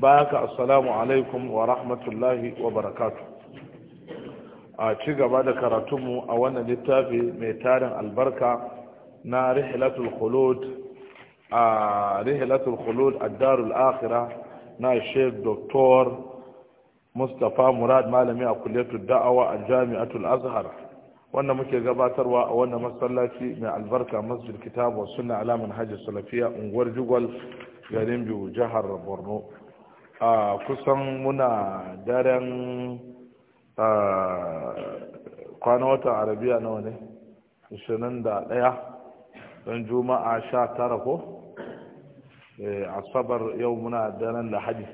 baka assalamu alaikum wa rahmatullahi wa barakatu a ci gaba da karatunmu a wannan littafi mai tarin albarka na rihilatul khulud a rihilatul khulud a darul akhira na sheikh doktor mustapha murad malami a kulletul da'awa a jami'atul azhar wanda muke gabatarwa a wannan masallaci mai albarka masjid kitabu sunna alamun hajji salafiya unguwar jugwal garin biyu jihar borno a kusan muna daren kwanan watan arabiya nawa ne 21 don juma'a 19 ko eh, asabar yau muna daren lahadi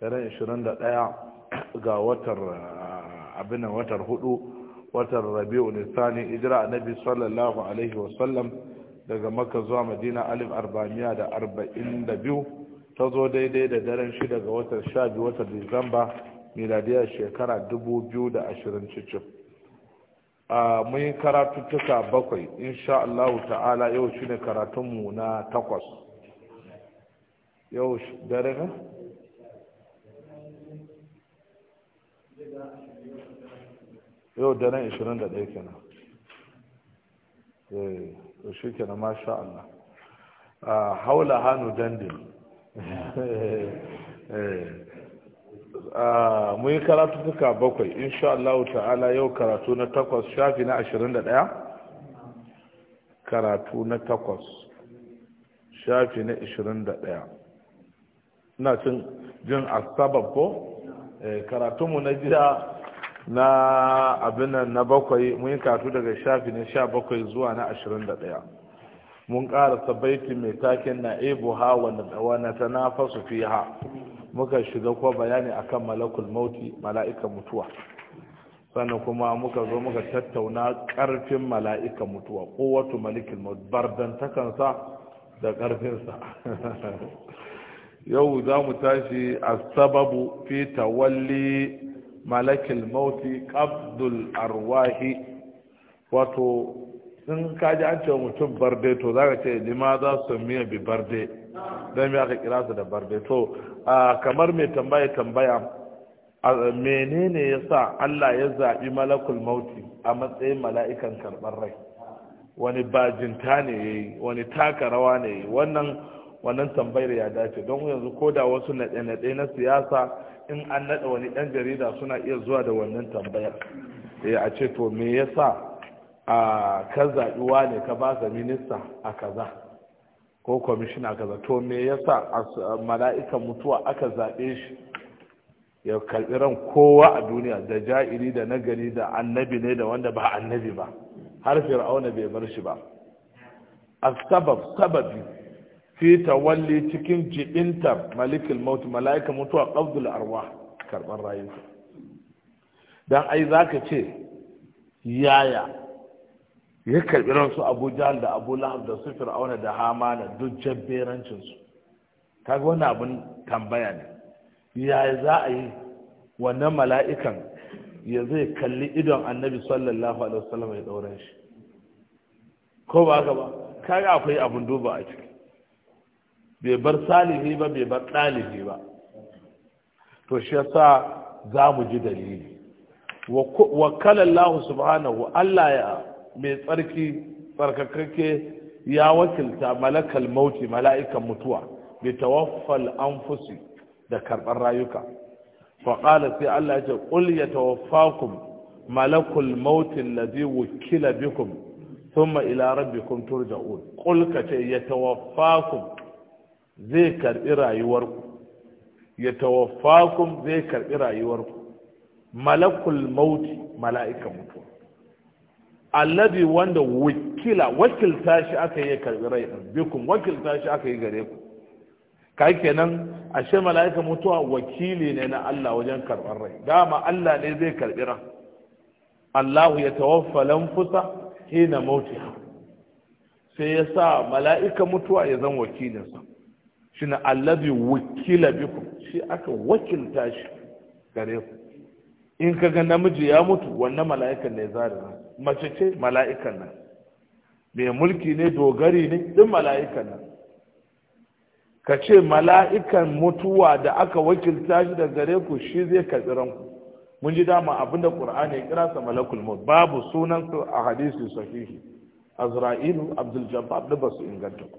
daren 21 ga watar abinan watar hudu watar rabi'u nisani ijira annabi sallallahu alaihi wasallam daga makka zuwa madina alif arba'amiya da arba'in da biyu ta zo daidai da daren shida ga watan sha biyu watan disamba miladiyar shekara dubu biyu da ashirin cicin mun yi karatuttuka bakwai insha Allah ta'ala yau ne karatunmu na takwas yau dare ne? yau daren 21 kenan eh to shi kenan masha Allah haula hannu dandin Ah, mu yi karatu suka bakwai insha Allah ta'ala yau karatu na takwas shafi na ashirin da ɗaya karatu na takwas shafi na ashirin da ɗaya ina cin jin asabar ko eh, karatunmu na jiya na abinan na bakwai mu yi karatu daga shafi na sha bakwai zuwa na ashirin da ɗaya mun karasa baiti mai taken na ebuha wa na fi ha muka shiga kuma bayani akan malakul mauti mala'ikan mutuwa sannan kuma muka zo muka tattauna karfin mala'ikan mutuwa kowatu malikul mauti bardantakansa da karfinsa yau za mu tashi a sababu fi tawalli malakil mauti qabdul arwahi wato sun ka ji an cewa mutum barde to za ka ce lima za su miya bi barde don ya ka kira su da barde to kamar mai tambaya tambaya menene ya sa Allah ya zaɓi malakul mauti a matsayin mala'ikan karɓar rai wani bajinta ne ya yi wani taka rawa ne ya yi wannan wannan tambayar ya dace don yanzu ko da wasu naɗe-naɗe na siyasa in an naɗa wani ɗan jarida suna iya zuwa da wannan tambayar eh, a ce to me ya sa a ka zaɓiwa ne ka ba ga minista a kaza ko kwamishina kaza to me yasa mala'ikan mutuwa aka zaɓe shi ya karɓi ran kowa a duniya da ja'iri da nagari da annabi ne da wanda ba annabi ba har fir'auna bai bar shi ba A sabab sababi fi tawalli cikin jibinta malikul maut mala'ikan mutuwa qabdul arwah karɓar rayuka dan ai zaka ce yaya ya karbi ransu abu jahal da abu lahab da su fir'auna da hamana duk jabberancin su ga wannan abin tambaya ne ya za a yi wannan mala'ikan ya zai kalli idon annabi sallallahu alaihi wasallam ya daura shi ko ba ka ba ka ga akwai abin duba a ciki bai bar salihi ba bai bar ɗalibi ba to shi yasa za mu ji dalili wa kala Allah subhanahu Allah ya mai tsarki tsarkakakke ya wakilta malakal mauti mala'ikan mutuwa bi tawaffal anfusi da karɓar rayuka faƙala sai Allah ya ce ƙul ya tawaffakum malakul mautin lazi wukila bikum thumma ila rabbikum turja'un ƙul ka ce ya zai karɓi rayuwarku ya tawaffakum zai karɓi rayuwarku malakul mauti mala'ikan Allabi wanda wakila wakilta shi aka yi karbi rai bikum wakilta shi aka yi gare ku kai kenan ashe mala'ika mutuwa wakili ne na Allah wajen karbar rai dama Allah ne zai karbi ran Allah ya tawaffa lanfusa hina mautiha sai ya sa mala'ika mutuwa ya zan wakilinsa shi shine alladhi wakila bikum shi aka wakilta shi gare ku in kaga namiji ya mutu wannan mala'ikan ne zarin mace ce mala'ikan nan mai mulki ne dogari ne Ɗin mala'ikan nan ka ce mala'ikan mutuwa da aka wakilta shi da gare ku shi zai karɓi ranku mun ji dama abinda ƙur'ani ya kira sa malakul maut babu sunan su a hadisi sahihi azra'ilu abdul jabbar da basu inganta ku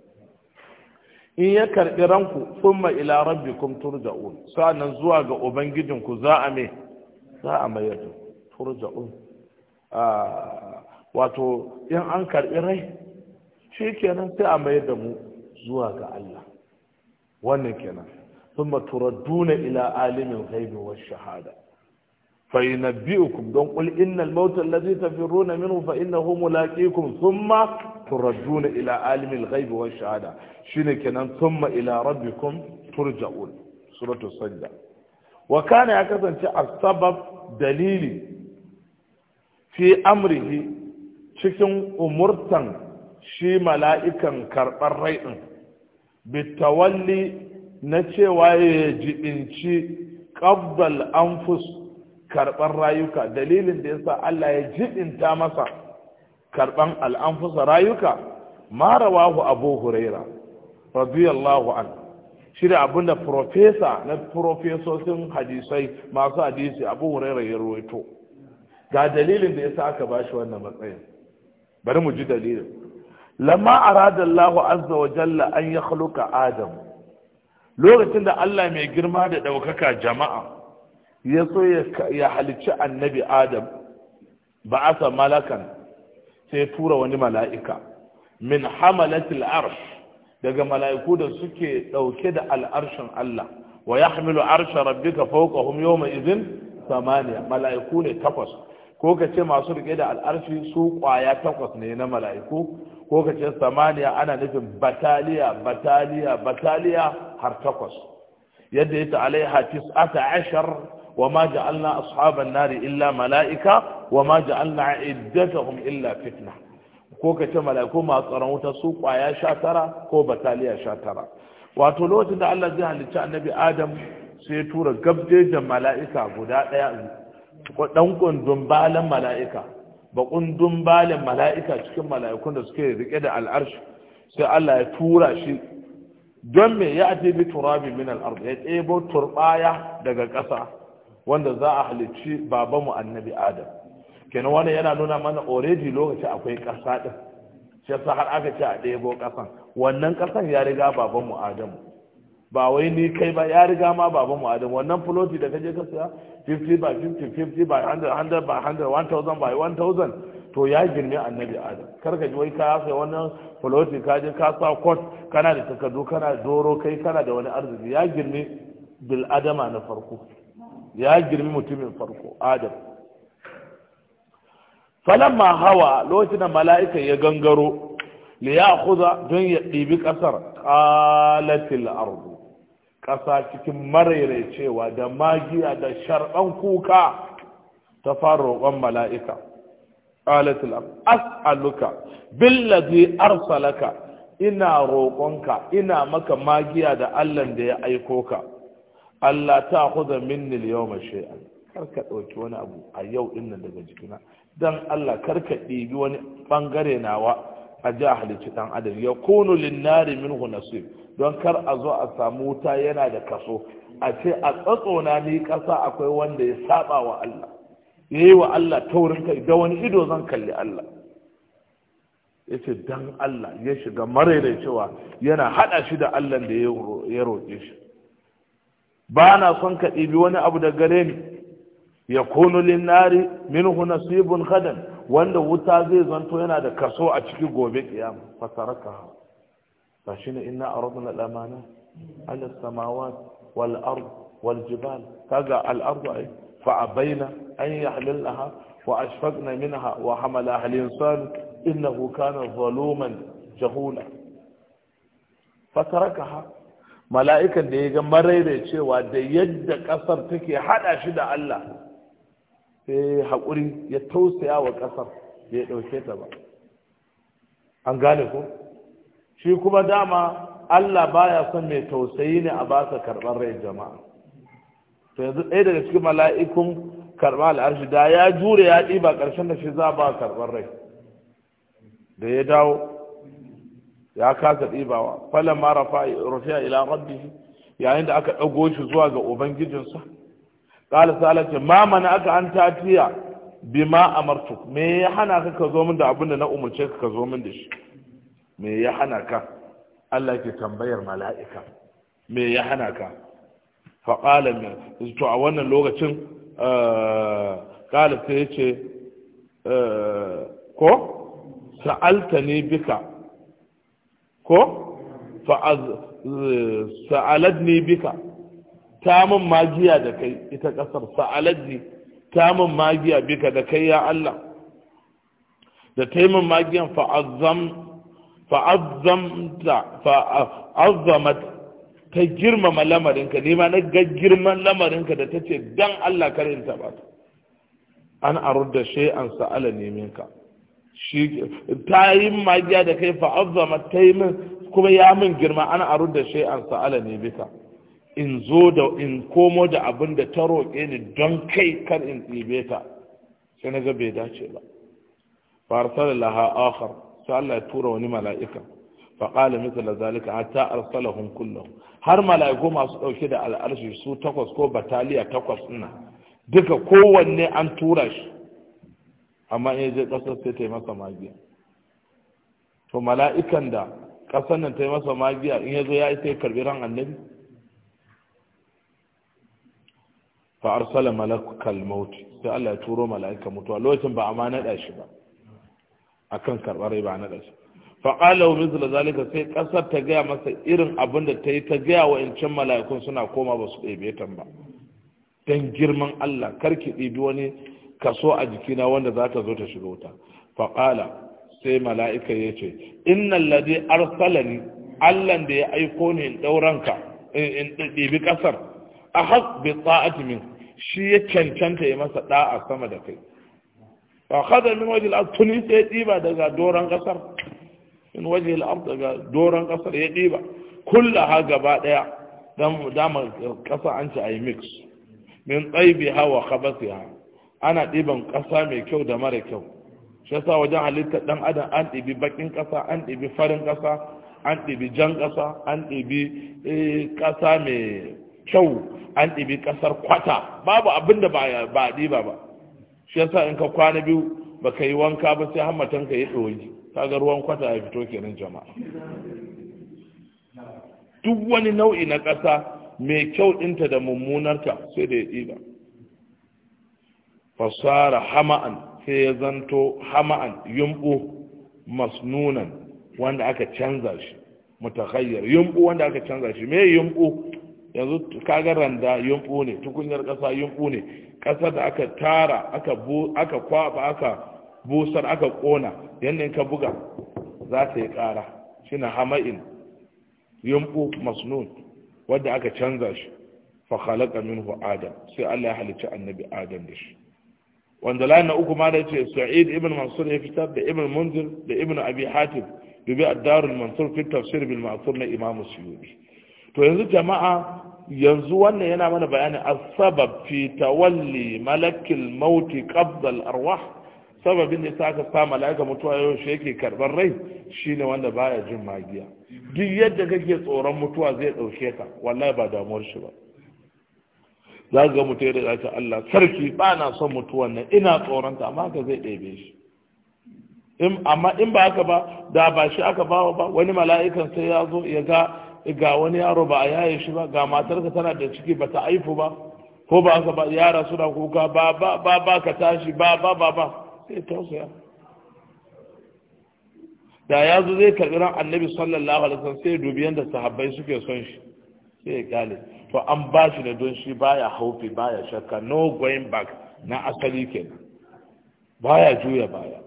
in ya karɓi ranku thumma ila rabbikum turja'un sa'annan zuwa ga ubangijinku za a me za a mayar turja'un wato in an karɓi rai shi kenan sai a mai da mu zuwa ga Allah wannan kenan sun turadduna ila alimin ghaibi wa shahada fa yunabbi'ukum don qul innal mauta allazi tafirruna minhu fa sun mulaqikum thumma turadduna ila alimin ghaibi wa shahada ne kenan thumma ila rabbikum turja'un suratu sajda wa kana ya kasance a sabab dalili fi amrihi cikin umurtan shi mala'ikan karɓar rai ɗin bitawalli na cewa ya jibinci ƙabbal anfus karɓar rayuka dalilin da yasa Allah ya jibinta masa karɓan al'anfusa rayuka ma rawahu abu huraira radiyallahu an shi da abinda profesa na profesosin hadisai masu hadisi abu huraira ya ruwaito ga dalilin da sa aka bashi wannan matsayin bari mu ji dalilin lamma arada Allah azza wa jalla an ya khluqa adam lokacin da Allah mai girma da daukaka jama'a ya so ya halicci annabi adam ba asa malakan sai tura wani mala'ika min hamalatil arsh daga mala'iku da suke dauke da al'arshin Allah wa yahmilu arsha rabbika fawqahum yawma idhin samaniya mala'iku ne takwas ko ka ce masu rike da al'arshi su kwaya takwas ne na mala'iku ko ka ce samaniya ana nufin bataliya bataliya bataliya har takwas yadda ya ta'alai hatis ata ashar wa ma ja'alna ashaban nari illa mala'ika wa ma ja'alna iddatahum illa fitna ko ka ce mala'iku masu tsaron wuta su kwaya sha tara ko bataliya sha tara wato lokacin da Allah zai halicci annabi Adam sai ya tura gabjejen mala'ika guda ɗaya ɗan kundun balan mala'ika ba kundun balan mala'ika cikin mala'ikun da suke rike da al'arshi sai Allah ya tura shi don me ya ati bi turabi min al ya ɗebo turbaya daga ƙasa wanda za a halicci babanmu annabi adam kenan wannan yana nuna mana already lokaci akwai ƙasa din sai har aka ce a ɗebo ƙasan wannan ƙasan ya riga babanmu adamu ba wai ni kai ba ya riga ma baban mu adam wannan floti da kaje ka siya 50 by 50 50 by 100 100 by 100 1000 by 1000 to ya girme annabi adam kar ka ji wai ka sai wannan floti ka je ka sa kot kana da takardu kana doro kai kana da wani arziki ya girme bil adama na farko ya girme mutumin farko adam falamma hawa lokacin da mala'ika ya gangaro liya khuza don ya ɗibi ƙasar ƙalatil ardu ƙasa cikin maraicewa da magiya da sharɓan kuka ta fara roƙon mala'ika ƙalatul as'aluka billazi arsalaka ina roƙonka ina maka magiya da allah da ya aiko ka allah ta huza minni yawma shay'an kar ka ɗauki wani abu a yau ɗin daga jikina dan allah karka ɗibi wani ɓangare nawa a ji a halicci ɗan adam ya kunu linnari min nasib don kar a zo a samu wuta yana da kaso a ce a tsatsona ni kasa akwai wanda ya saba wa Allah ya yi wa Allah taurin kai da wani ido zan kalli Allah ya ce dan Allah ya shiga maraidai cewa yana haɗa shi da Allah da ya roƙe shi ba na son ka ɗibi wani abu da gare ni ya kono linnari minhu nasibun hadan wanda wuta zai zanto yana da kaso a cikin gobe kiyama fasaraka فشين إنا أرضنا الأمانة على السماوات والأرض والجبال تقع الأرض فعبينا أن يحللها وأشفقنا منها وحمل أهل الإنسان إنه كان ظلوما جهولا فتركها ملائكة ديجا مريري شوى دي يجد كسر تكي حد أشد الله في حقوري يتوسيا وكسر يتوسيا وكسر أنقالكم shi kuma dama Allah baya son mai tausayi ne a basa karɓar rai jama'a to yanzu ɗaya daga cikin mala'ikun karɓa al'arshi da ya jure ya ɗiba ƙarshen da shi za ba karɓar rai da ya dawo ya kasa ɗibawa falon ma rufiya ila rabbi yayin da aka ɗago shi zuwa ga ubangijinsa ƙala salace ma mana aka an tatiya bima amartu me ya hana ka ka zo min da abin da na umarce ka ka zo min da shi me ya hana ka Allah ke tambayar mala'ika me ya hana ka faƙalar ne to a wannan lokacin ƙalar eh, ta ce eh, ko sa'alta ne bika ko sa'alad ne bika ta min magiya da kai ita ƙasar sa'alad ne ta min magiya bika da kai ya Allah da taimin magiyan fa'azzam fa'azzamat ta girmama lamarinka nema na ga girman lamarinka da ta ce don Allah karin ta ba an arud da shi an sa'ala neminka shi ta yi magiya da kai fa'azzama ta yi min kuma ya min girma an arud da shi an sa'ala ne in zo da in komo da abin da ta roƙe ni don kai kar in tsibe ta sai na ga bai dace ba farsal laha akhar sai Allah ya tura wani mala'ika fa qala mithla zalika hatta arsalahum kullahum har mala'iku masu dauke da al'arshi su takwas ko bataliya takwas ina duka kowanne an tura shi amma in je kasar sai ta yi masa magiya to mala'ikan da kasar nan ta yi masa magiya in ya zo ya yi sai karbi ran annabi fa arsala malakal maut sai Allah ya turo mala'ika mutuwa lokacin ba amana da shi ba akan karɓar riba na ƙarshe faƙala wa da zalika sai ƙasar ta gaya masa irin abin da ta yi ta gaya wa incan mala'ikun suna koma ba su ɗebe ta ba don girman Allah kar ki ɗibi wani kaso a jikina wanda za ta zo ta shiga wuta faƙala sai mala'ika ya ce innan ladi arsalani allan da ya aiko ni in ɗauranka in ɗibi ƙasar a haƙ bi tsa'ati min shi ya cancanta ya masa ɗa'a sama da kai fa khada min wajhi al-ard tuni sai diba daga doran kasar min wajhi al-ard daga doran kasar ya diba kullaha gaba daya dan dama kasa an ci ayi mix min hawa wa khabathiha ana diban kasa mai kyau da mara kyau shi yasa wajen halittar dan adam an dibi bakin kasa an dibi farin kasa an ɗibi jan ƙasa an ɗibi ƙasa mai kyau an ɗibi ƙasar kwata babu abin da ba ba ɗiba ba shi yasa in ka kwana biyu baka yi wanka ba sai ka yi ɗoyi kaga ruwan kwata ya fito kenan jama'a duk wani nau'i na ƙasa mai kyau ɗinta da mummunarta sai da ya ɗiba fasara hama'an sai ya zanto hama'an yumɓu masnunan wanda aka canza shi mutakayyar yumɓu wanda aka canza shi me yumɓu yanzu kaga randa yunfu ne tukunyar ƙasa yunfu ne ƙasar da aka tara aka kwaba aka busar aka ƙona yadda ka buga za ta yi ƙara shine hama'in yunfu masnun wadda aka canza shi fa khalaqa minhu adam sai Allah ya halicci annabi adam da shi wanda layin na uku ma da ce sa'id ibn mansur ya fitar da ibn munzir da ibn abi hatim bi ad-darul mansur fi tafsir bil ma'thur na imam suyuti to yanzu jama'a yanzu wannan yana mana bayani asabab fi tawalli malakil mauti qabdal arwah sababin da saka sa malaka mutuwa yau shi yake karban rai shine wanda baya jin magiya duk yadda kake tsoron mutuwa zai dauke ka wallahi ba damuwar shi ba za ga mutu da daga Allah sarki ba na son mutuwan nan ina tsoronta amma ka zai ɗebe shi amma in ba haka ba da ba shi aka bawa ba wani mala'ikan sai ya zo ya ga ga wani yaro ba a yaye shi ba ga matarka tana da ciki ba ta aifu ba ko ba ka ba yara suna kuka ba ba ba ba ka tashi ba ba ba ba sai tausaya da ya zo zai karɓi ran annabi sallallahu alaihi wasallam sai dubi yanda sahabbai suke son shi sai ya gane to an ba shi da don shi baya haufi baya shakka no going back na asali kenan baya juya baya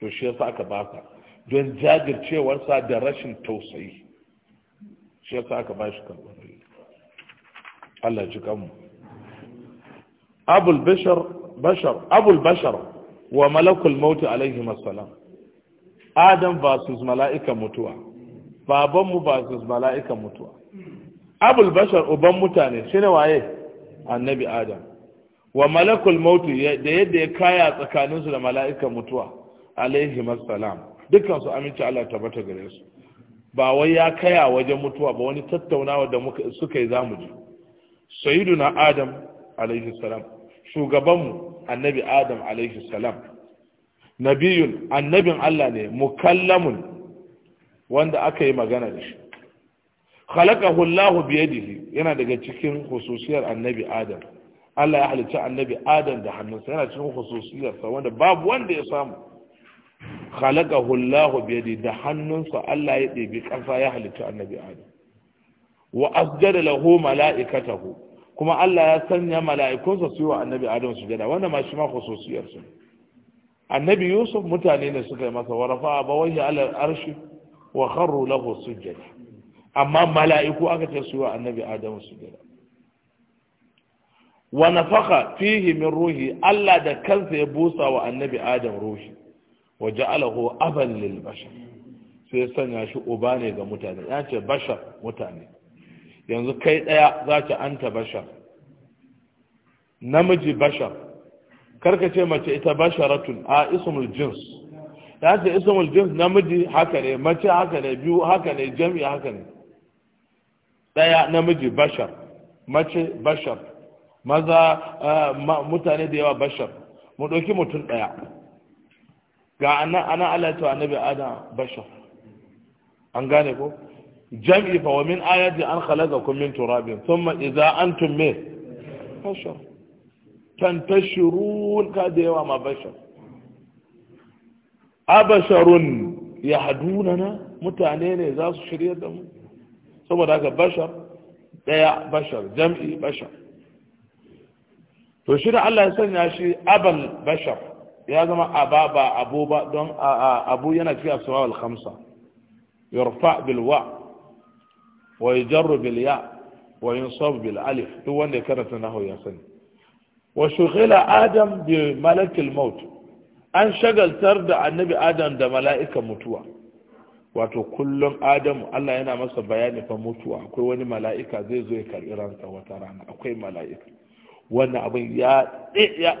to shi yasa aka baka don jajircewarsa da rashin tausayi shi yasa aka ba shi karɓar Allah ji kanmu abul bashar bashar abul bashar wa malakul mauti alaihi assalam adam versus mala'ikan mutuwa babanmu versus mala'ikan mutuwa abul bashar uban mutane shine waye annabi adam wa malakul mauti da yadda ya kaya tsakaninsu da mala'ikan mutuwa alaihi assalam dukkan su aminci Allah tabbata gare su ba wai ya kaya wajen mutuwa ba wani tattaunawa da suka yi zamu ji sayyiduna adam alaihi salam shugabanmu annabi adam alaihi salam nabiyun annabin Allah ne mukallamun wanda aka yi magana da shi khalaqahu Allah biyadihi yana daga cikin hususiyar annabi adam Allah ya halicci annabi adam da hannunsa yana cikin sa, wanda babu wanda ya samu khalaqahu hullahu bi da hannunsa Allah ya ɗebi ƙasa ya halitta annabi Adam wa asjada lahu mala'ikatahu kuma Allah ya sanya mala'ikunsa su yi wa annabi Adam sujada wanda ma shi ma khususiyar su annabi Yusuf mutane ne suka yi masa warafa abawaihi ala arshi wa kharru lahu sujada amma mala'iku aka ce su yi wa annabi Adam sujada wa nafaka fihi min ruhi Allah da kansa ya busa wa annabi Adam ruhi wa ja'alahu aban lil bashar sai sanya shi uba ne ga mutane ya ce bashar mutane yanzu kai daya za ta anta bashar namiji bashar karka ce mace ita basharatun a ismul jins ya ce ismul jins namiji haka ne mace haka ne biyu haka ne jami'a haka ne daya namiji bashar mace bashar maza eh, mutane da yawa bashar mu ɗauki mutum ɗaya ga ana ana alatu annabi adam bashar an gane ko jam'i fa wa min ayati an khalaqakum min turabin thumma idza antum min bashar tantashurun ka da yawa ma bashar abasharun yahdunana mutane ne za su shirye da mu saboda haka bashar daya bashar jam'i bashar to shi da Allah ya sanya shi abal bashar ya zama aba ba abu ba don abu yana cikin asma al-khamsa yarfa bil wa wa yujarru bil ya bil alif duk wanda ya karanta nahwu ya sani wa shugila adam bi malak maut an shagaltar da annabi adam da mala'ikan mutuwa wato kullum adamu Allah yana masa bayani fa mutuwa akwai wani mala'ika zai zo ya karbi ransa wata rana akwai mala'ika wannan abin ya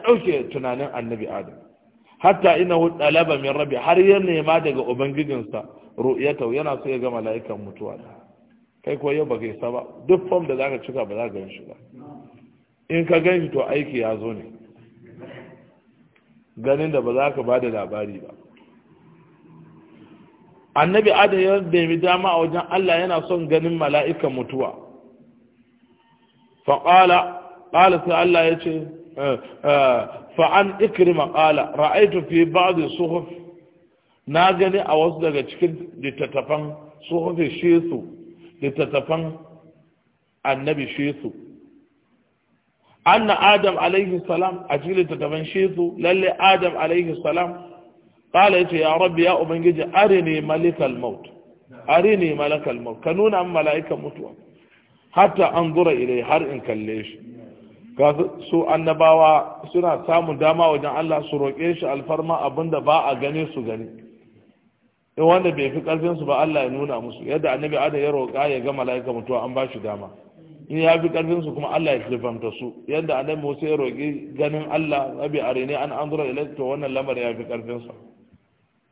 ɗauke tunanin annabi adam hatta ina innahu laba min rabbi har ya nema daga ubangijinsa ru'yata yana so ya ga mala'ikan mutuwa kai ko yau baka isa ba duk form da zaka cika ba za ka ganshi ba in ka ganshi to aiki ya zo ne ganin da ba za ka bada labari ba annabi adam ya nemi dama a wajen Allah yana son ganin mala'ikan mutuwa faƙala ƙala sai Allah ya ce fa'an ikrima qala ra'aytu fi ba'd suhuf na gani a wasu daga cikin littattafan suhufi shesu littattafan annabi shesu anna adam alaihi salam a cikin littattafan shesu lalle adam alaihi salam qala yace ya rabbi ya ubangiji arini malikal maut arini malakal maut ka nuna mala'ikan mutuwa hatta an zura ilai har in kalle shi ga su annabawa suna samun dama wajen Allah su roƙe shi alfarma abinda ba a gane su gani in wanda bai fi ƙarfin su ba Allah ya nuna musu yadda annabi ada ya roƙa ya ga mala'ika mutuwa an ba shi dama in ya fi ƙarfin su kuma Allah ya tilfanta su yadda annabi Musa ya roƙi ganin Allah abi arine an anzura ilayka to wannan lamar ya fi ƙarfin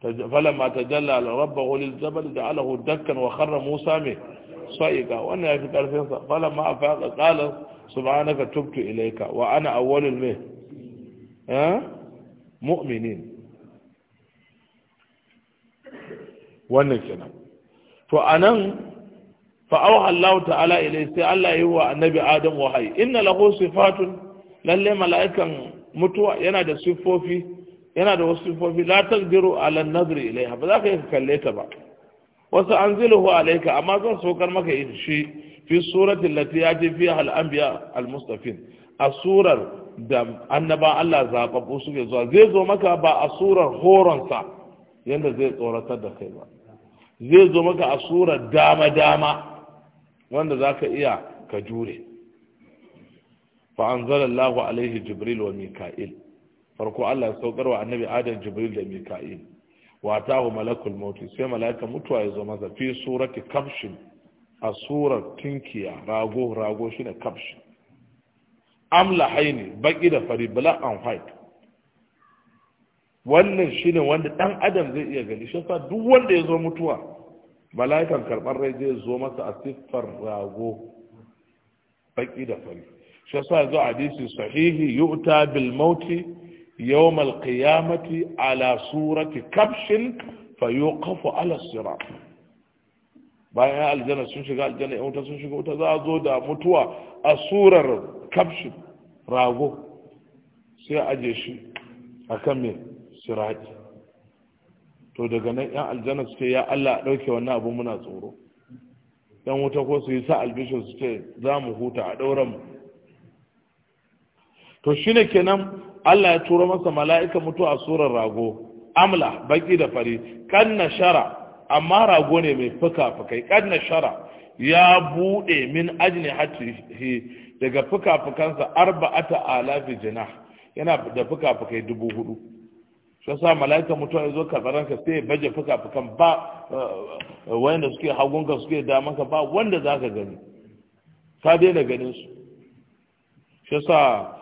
sa falamma tajalla rabbahu lil jabal ja'alahu dakkan wa kharra Musa mai sa'iqa wannan ya fi ƙarfin sa falamma afaqa qala subhanaka tubtu ilayka wa ana awwalul mai mu'minin wannan kenan to anan fa awha Allah ta'ala ilai sai Allah yi wa annabi Adam wahayi inna lahu sifatun lalle mala'ikan mutuwa yana da siffofi yana da wasu sifofi la tagdiru ala nadri nazri ilayha ba za ka yi kalle ta ba wasu an zilahu alaika amma zan sokar maka shi fi suratin lati ya ce fiye al'ambiya al-mustafin a surar da annaba Allah zaɓaɓɓu suke zuwa zai zo maka ba a surar horonsa yadda zai tsoratar da kai ba zai zo maka a surar dama-dama wanda za ka iya ka jure fa'anzalallahu alaihi jibril wa mika'il farko Allah ya saukar wa annabi adam jibril da mika'il wata wa malakul mauti sai malaka mutuwa ya zo masa fi surati kafshin a surar tinkiya rago rago shine kafshin amla haini baki da fari black and white wannan shine wanda dan adam zai iya gani shi sa duk wanda ya zo mutuwa mala'ikan karɓar rai zai zo masa a siffar rago baki da fari shi sa zo hadisi sahihi yu'ta bil mauti يوم القيامة على صورة كبش فيوقف على الصراط bayan الجنة sun الجنة aljanna yan wuta sun متوى wuta كبش a zo da mutuwa a to daga nan yan aljanna suke ya allah dauke wannan abu muna tsoro yan wuta ko su yi sa albishin su ce za mu huta a ɗauran mu to shine kenan Allah ya turo masa mala'ika mutu a surar rago amla baki da fari kanna shara amma rago ne mai fuka-fukai kanna shara ya bude min ajini hatihi daga fuka-fukansa arba'ata alafi jina yana da fuka-fukai dubu hudu shi sa mala'ika mutu ya zo ka sai ya baje fuka-fukan ba eh, eh, wanda suke hagunka suke damanka ba wanda za ka gani ka daina ganin su shi sa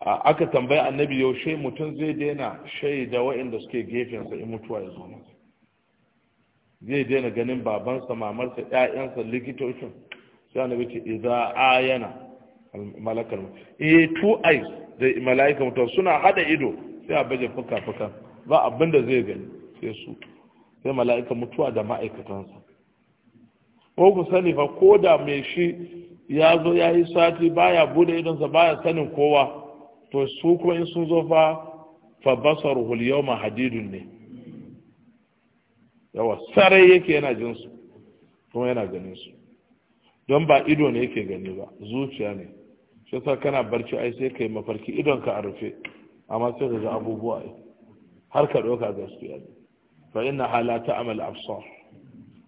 aka tambayi annabi yaushe mutum zai daina shaida waɗanda suke gefensa in mutuwa ya zo masa zai daina ganin babansa mamarsa ƴaƴansa likitocin sai annabi ce idza ayana malakal eh two eyes da malaika mutuwa suna hada ido sai a baje fuka fuka ba abin zai gani sai su sai malaika mutuwa da ma'aikatansa ko ku sani fa ko da mai shi ya zo ya yi sati baya bude idonsa baya sanin kowa to su kuma in sun zo fa fa basar al-yawma hadidun ne yawa sarai yake yana jin su kuma yana ganin su don ba ido ne yake gani ba zuciya ne shi sa kana barci ai sai kai mafarki idon ka a rufe amma sai ka ga abubuwa ai har ka doka gaskiya ne fa inna hala ta'mal absar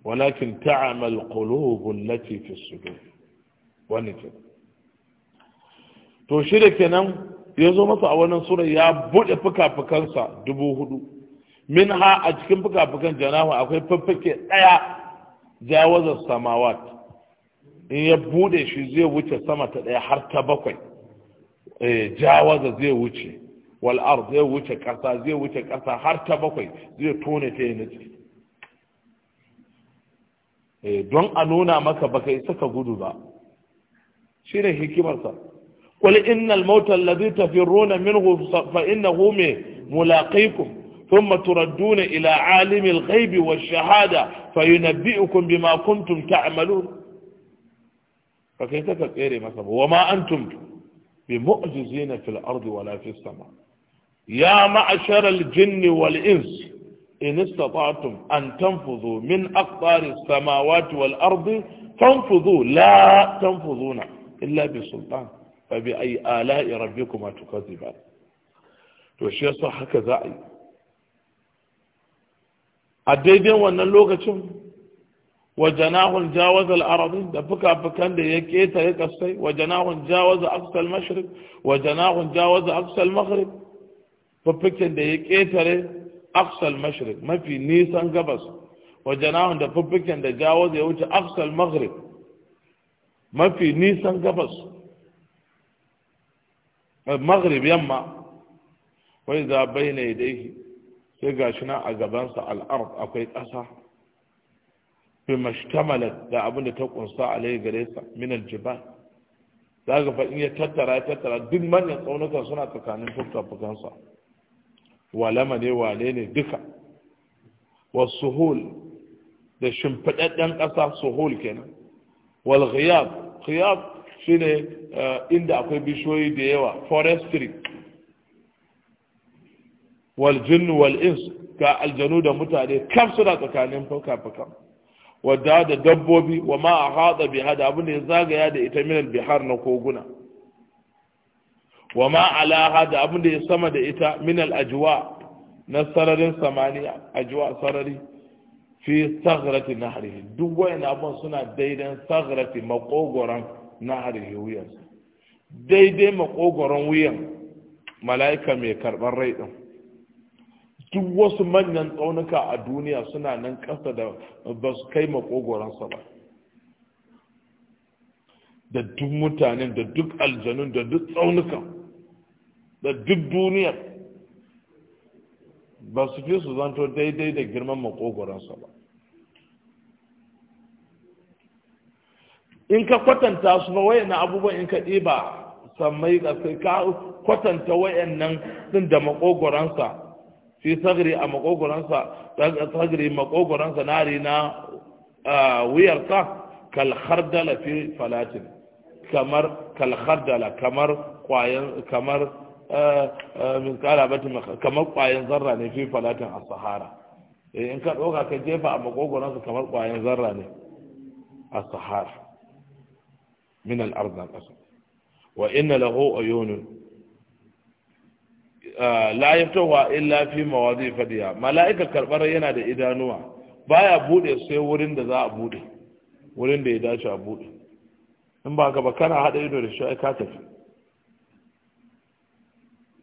walakin ta'mal qulub allati fi sudur wannan to shi da kenan ya zo masa a wannan sura ya buɗe fuka-fukansa dubu hudu min ha a cikin fuka-fukan janahu akwai faffake ɗaya jawazar samawat in ya buɗe shi zai wuce sama ta ɗaya har ta bakwai eh, jawaza zai wuce wal'ar zai wuce ƙasa zai wuce ƙasa har ta bakwai zai tone ta yi eh, don a nuna maka baka isa ka gudu ba shi ne hikimarsa قل إن الموت الذي تفرون منه فإنه ملاقيكم ثم تردون إلى عالم الغيب والشهادة فينبئكم بما كنتم تعملون فكيف تكيري مثلا وما أنتم بمؤجزين في الأرض ولا في السماء يا معشر الجن والإنس إن استطعتم أن تنفذوا من أقطار السماوات والأرض فانفذوا لا تنفذون إلا بسلطان فبأي آلاء ربكما تكذبان توشي يسوى هكذا أي الديدين وأن اللغة وجناه جاوز الأراضي دبك أبكان دي يكيتا يكسي وجناه جاوز أقصى المشرق وجناه جاوز أقصى المغرب فبكان دي يكيتا أقصى المشرق ما في نيسان قبس وجناه دبكان دي جاوز يوجي أقصى المغرب ما في نيسان قبس maghrib yamma wai za na yadaihi sai gashi a gabansa al'ard akwai ƙasa fi mashtamalat da abin da ta kunsa alai gare sa min aljibal za ga fa in ya tattara ya tattara duk manyan tsaunukan suna tsakanin fukafukansa walama ne wale ne duka wasuhul da shimfiɗaɗɗen ƙasa suhul kenan wal ghiyab ghiyab shine Eh, inda akwai bishiyoyi da yawa forestry wal jinn wal ins ga aljanu da mutane kaf suna tsakanin fuka-fuka wadda da dabbobi wa ma a hada biha da abin da ya zagaya da ita minal bihar na koguna wa ma alaha da abin da ya sama da ita minal ajwa na sararin samaniya ajwa sarari fi sagrati nahri duk wayan abun suna daidan sagrati makogoran na nahar wuyan daidai makogoron wuyan mala'ika mai karɓar rai ɗin duk wasu manyan tsaunuka a duniya suna nan ƙasa da ba su kai makogoronsa ba da duk mutanen da duk aljanun da duk tsaunukan da duk duniyar ba su fi su zanto daidai da girman makogoronsa ba in ka kwatanta su ba wayan abubuwan in ka ɗiba sammai ga sai ka kwatanta wayan nan sun da makogoransa fi sagri a makogoransa sagri makogoransa nari na wuyarsa kalhardala fi falatin kamar kalhardala kamar kwayan kamar min kala batin kamar kwayan zarra ne fi falatin a sahara eh, in ka ɗoka ka jefa a makogoransa kamar kwayan zarra ne a sahara min al-ardh al-asl wa inna lahu uyun la yaftahu illa fi mawadi fadiya malaika karbar yana da idanuwa baya bude sai wurin da za a bude wurin da ya dace a bude in ba ka ba kana hada ido da shi ka tafi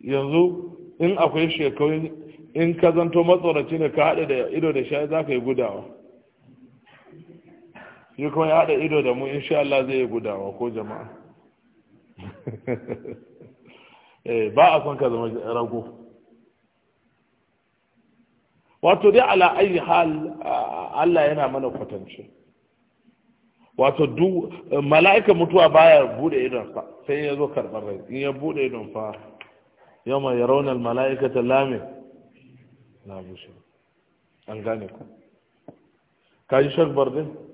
yanzu in akwai shekaru in ka zanto matsoraci ne ka hada da ido da shi za ka yi gudawa Yi kuma ya haɗa ido da mu insha Allah zai yi gudawa ko jama'a eh, ba a son ka zama rago wato dai ala ayi hal Allah yana mana kwatance wato duk mala'ika mutuwa baya bude idon fa sai ya zo karɓar rai in ya bude idon fa ya rauna mala'ika ta lamin na bushe an gane ku kaji shakbar din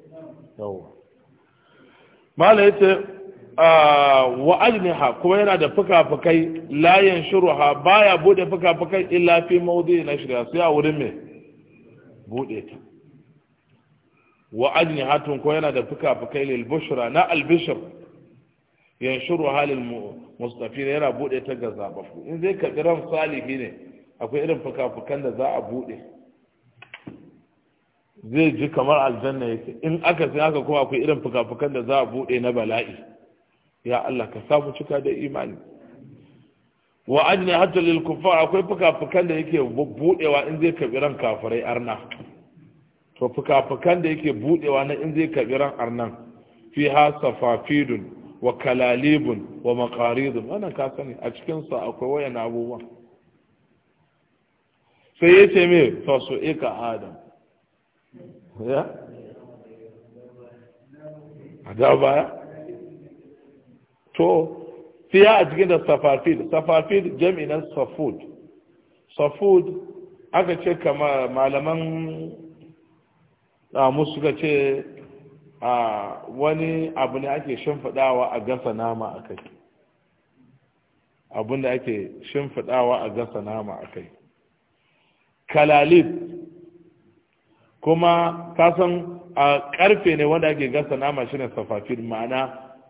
yawa mala yace ah, wa ajniha kuma yana da fuka-fukai layin ha baya bude fuka-fukai illa fi mawdi na shirya sai a wurin mai bude ta wa ajniha tun kuma yana da fuka-fukai lil bushra na albishir yanshuru halil mustafi yana bude ta ga zababbu in zai karbi ran salihi ne akwai irin fuka-fukan da za a bude zai ji kamar aljanna yake in aka sai haka kuma akwai irin fuka da za a bude na bala'i ya Allah ka samu cika da imani wa ajna hatta lil kuffar akwai fuka da yake budewa in zai kabi ran kafirai arna to fuka da yake budewa na in zai kabi ran arnan fi ha safafidun wa kalalibun wa maqaridun wannan ka sani a cikin sa akwai wayan abubuwa sai yace me fasu ika adam ya a baya to fiya a cikin da safafid safafid jami'in safud safud aka ce kama malaman damu suka ce a wani abu ne ake shimfiɗawa a gasa nama a kai abin da ake shimfiɗawa a gasa nama a kai kalalib kuma kasan a karfe ne wanda ake gasa nama shi ne safafin ma'ana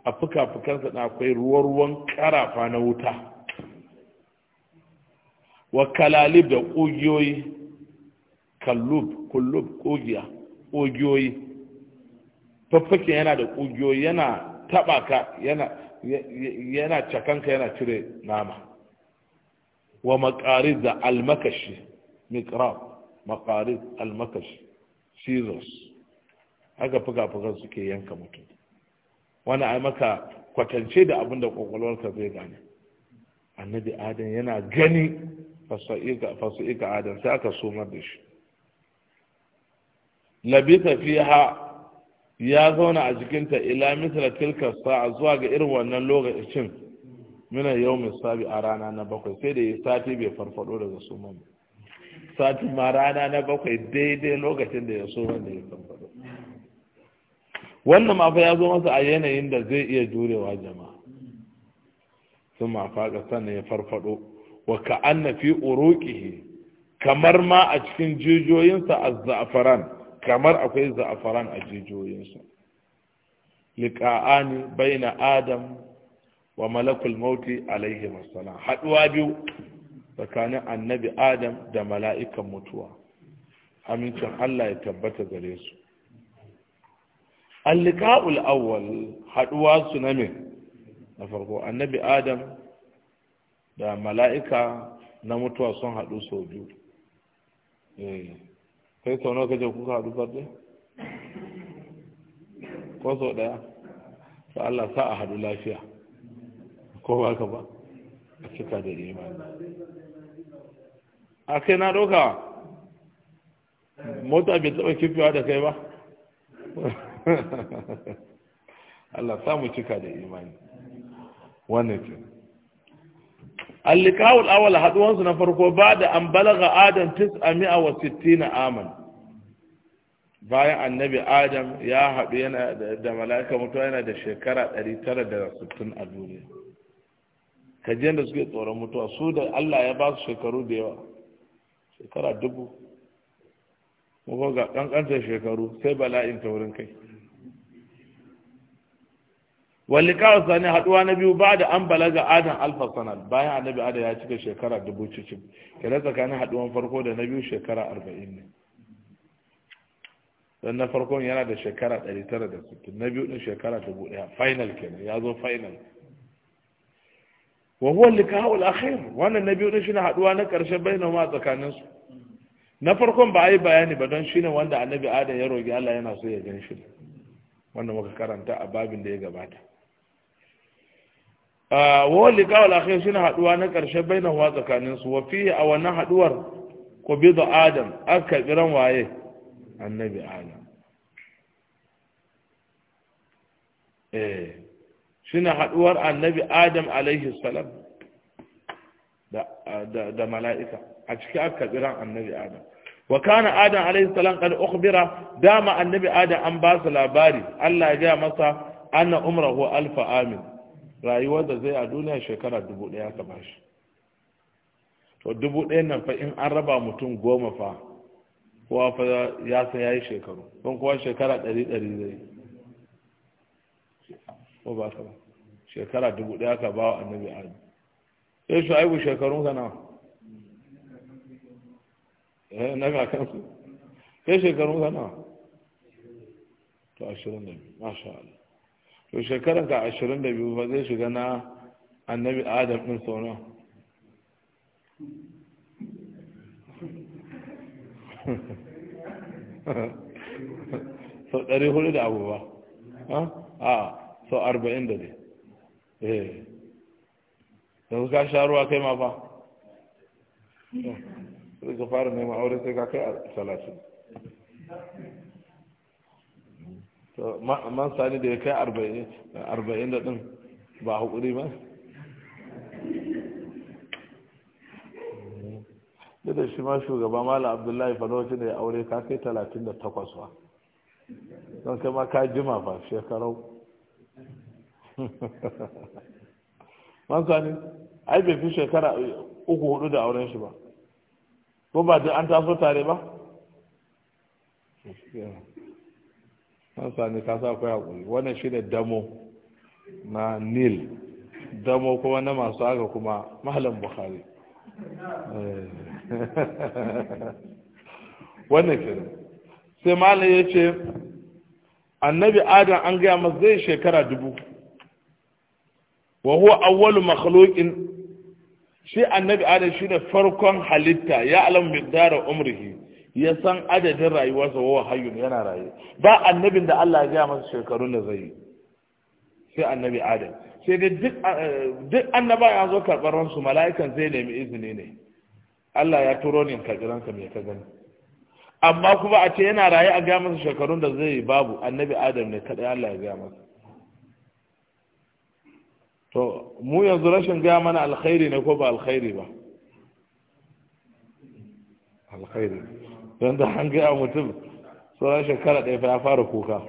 a fuka-fukansa na akwai ruwa-ruwan karafa na wuta wa kalalib da ƙugiyoyi kallub kullub ƙugiya ƙugiyoyi faffakin yana da ƙugiyoyi yana taɓa ka yana cakanka yana cire nama wa makarid da almakashi mikrab makarid almakashi Jesus haka fuka-fukan suke yanka mutum wani ai maka kwatance da abinda da kwakwalwarka zai gane annabi adam yana gani fasu'ika adam sai aka somar da shi labi fiha ya zauna a jikinta ila misra tilka sa'a zuwa ga irin wannan lokacin mina yau sabi a rana na bakwai sai da ya sati bai farfado daga suma ba sati ma rana na bakwai daidai lokacin da ya so wanda ya faɗo wannan mafa ya zo masa a yanayin da zai iya jurewa jama'a sun mafa ga sannan ya farfado wa ka'anna fi uruqihi kamar ma a cikin jijiyoyinsa a za'afaran kamar akwai za'afaran a jijiyoyinsa liqa'ani baina adam wa malakul mauti alaihi wassalam haduwa biyu tsakanin annabi adam da mala'ikan mutuwa amincin allah ya tabbata gare su allika'ul awwal haɗuwa su na min na farko annabi adam da mala'ika na mutuwa sun haɗu sau biyu eh, kai sau nawa kaje kuka haɗu barde ko sau ɗaya ta allah sa a haɗu lafiya ko ba ka ba a cika da imani A kai na doka mota bai taba kifewa da kai ba Allah samu cika da imani wannan ce allikawul awal haduwansu na farko ba da an balaga adam tis a mi'a wa na aman bayan annabi adam ya haɗu yana da mala'ika mutuwa yana da shekara 960 a duniya kajiyar da suke tsoron mutuwa su da Allah ya ba su shekaru da yawa shekara dubu mu ga kankantar shekaru sai bala'in taurin kai wallika sani haduwa na biyu ba da an balaga adam alfa sana bayan annabi adam ya cika shekara dubu cikin kira tsakanin haduwan farko da na biyu shekara arba'in ne don na farkon yana da shekara ɗari tara da sittin na biyu din shekara dubu ɗaya final kenan ya zo final wa huwa likahu al-akhir wannan nabi ne shine haduwa na karshe ma tsakanin su na farkon ba ai bayani ba don shine wanda annabi adam ya roki Allah yana so ya gan shi wannan muka karanta a babin da ya gabata wa huwa likahu al-akhir shine haduwa na karshe ma tsakanin su wa fi a wannan haduwar da adam aka kiran waye annabi adam eh shine haduwar annabi adam alaihi salam da mala'ika a ciki aka tsiran annabi adam wa kana adam alaihi salam qad ukhbira dama annabi adam an ba su labari Allah ya ga masa anna umrahu alfa amin rayuwar da zai a duniya shekara dubu ɗaya ka bashi to dubu daya nan fa in an raba mutum goma fa kowa fa ya san yayi shekaru don kowa shekara dari dari zai ko ba ka ba shekara dubu ɗaya ka ba wa annabi adam sai su aibu shekarun ka nawa eh na kakansu sai shekarun ka nawa to ashirin da biyu masha Allah to shekaran ka ashirin da biyu ba zai shiga na annabi adam ɗin sau nawa sau ɗari hudu da abu ba a sau arba'in da dai eh yanzu ka sha ruwa kai ma ba sai ka fara neman aure sai ka kai a talatin man sani da ya kai arba'in da ɗin ba haƙuri ba da da shi ma shugaba mala abdullahi fa da ya aure ka kai talatin da takwaswa don kai ma ka jima ba shekarau man sani ai bai fi shekara uku hudu da auren shi ba ko ba an taso tare ba man sani ka sa akwai hakuri wannan shi ne damo na nil damo kuma na masu aga kuma mahalin buhari eh. wannan kiri sai malam ya ce annabi adam an gaya masu zai shekara dubu wa huwa awwalu makhluqin shi annabi shi shine farkon halitta ya alam miqdara umrihi ya san adadin rayuwarsa wa hayyun yana raye ba annabin da Allah ya ga masa shekarun da zai shi annabi adam sai da eh, duk annaba ya zo karɓar ransu mala'ikan zai nemi izini ne Allah ya turo ni karɓi ka me ka gani amma kuma a ce yana raye a ga masa shekarun da zai babu annabi adam ne kaɗai Allah ya ga masa to mu yanzu rashin gaya mana alkhairi ne ko ba alkhairi ba alkhairi don da an gaya mutum sauran shekara ɗaya ya fara kuka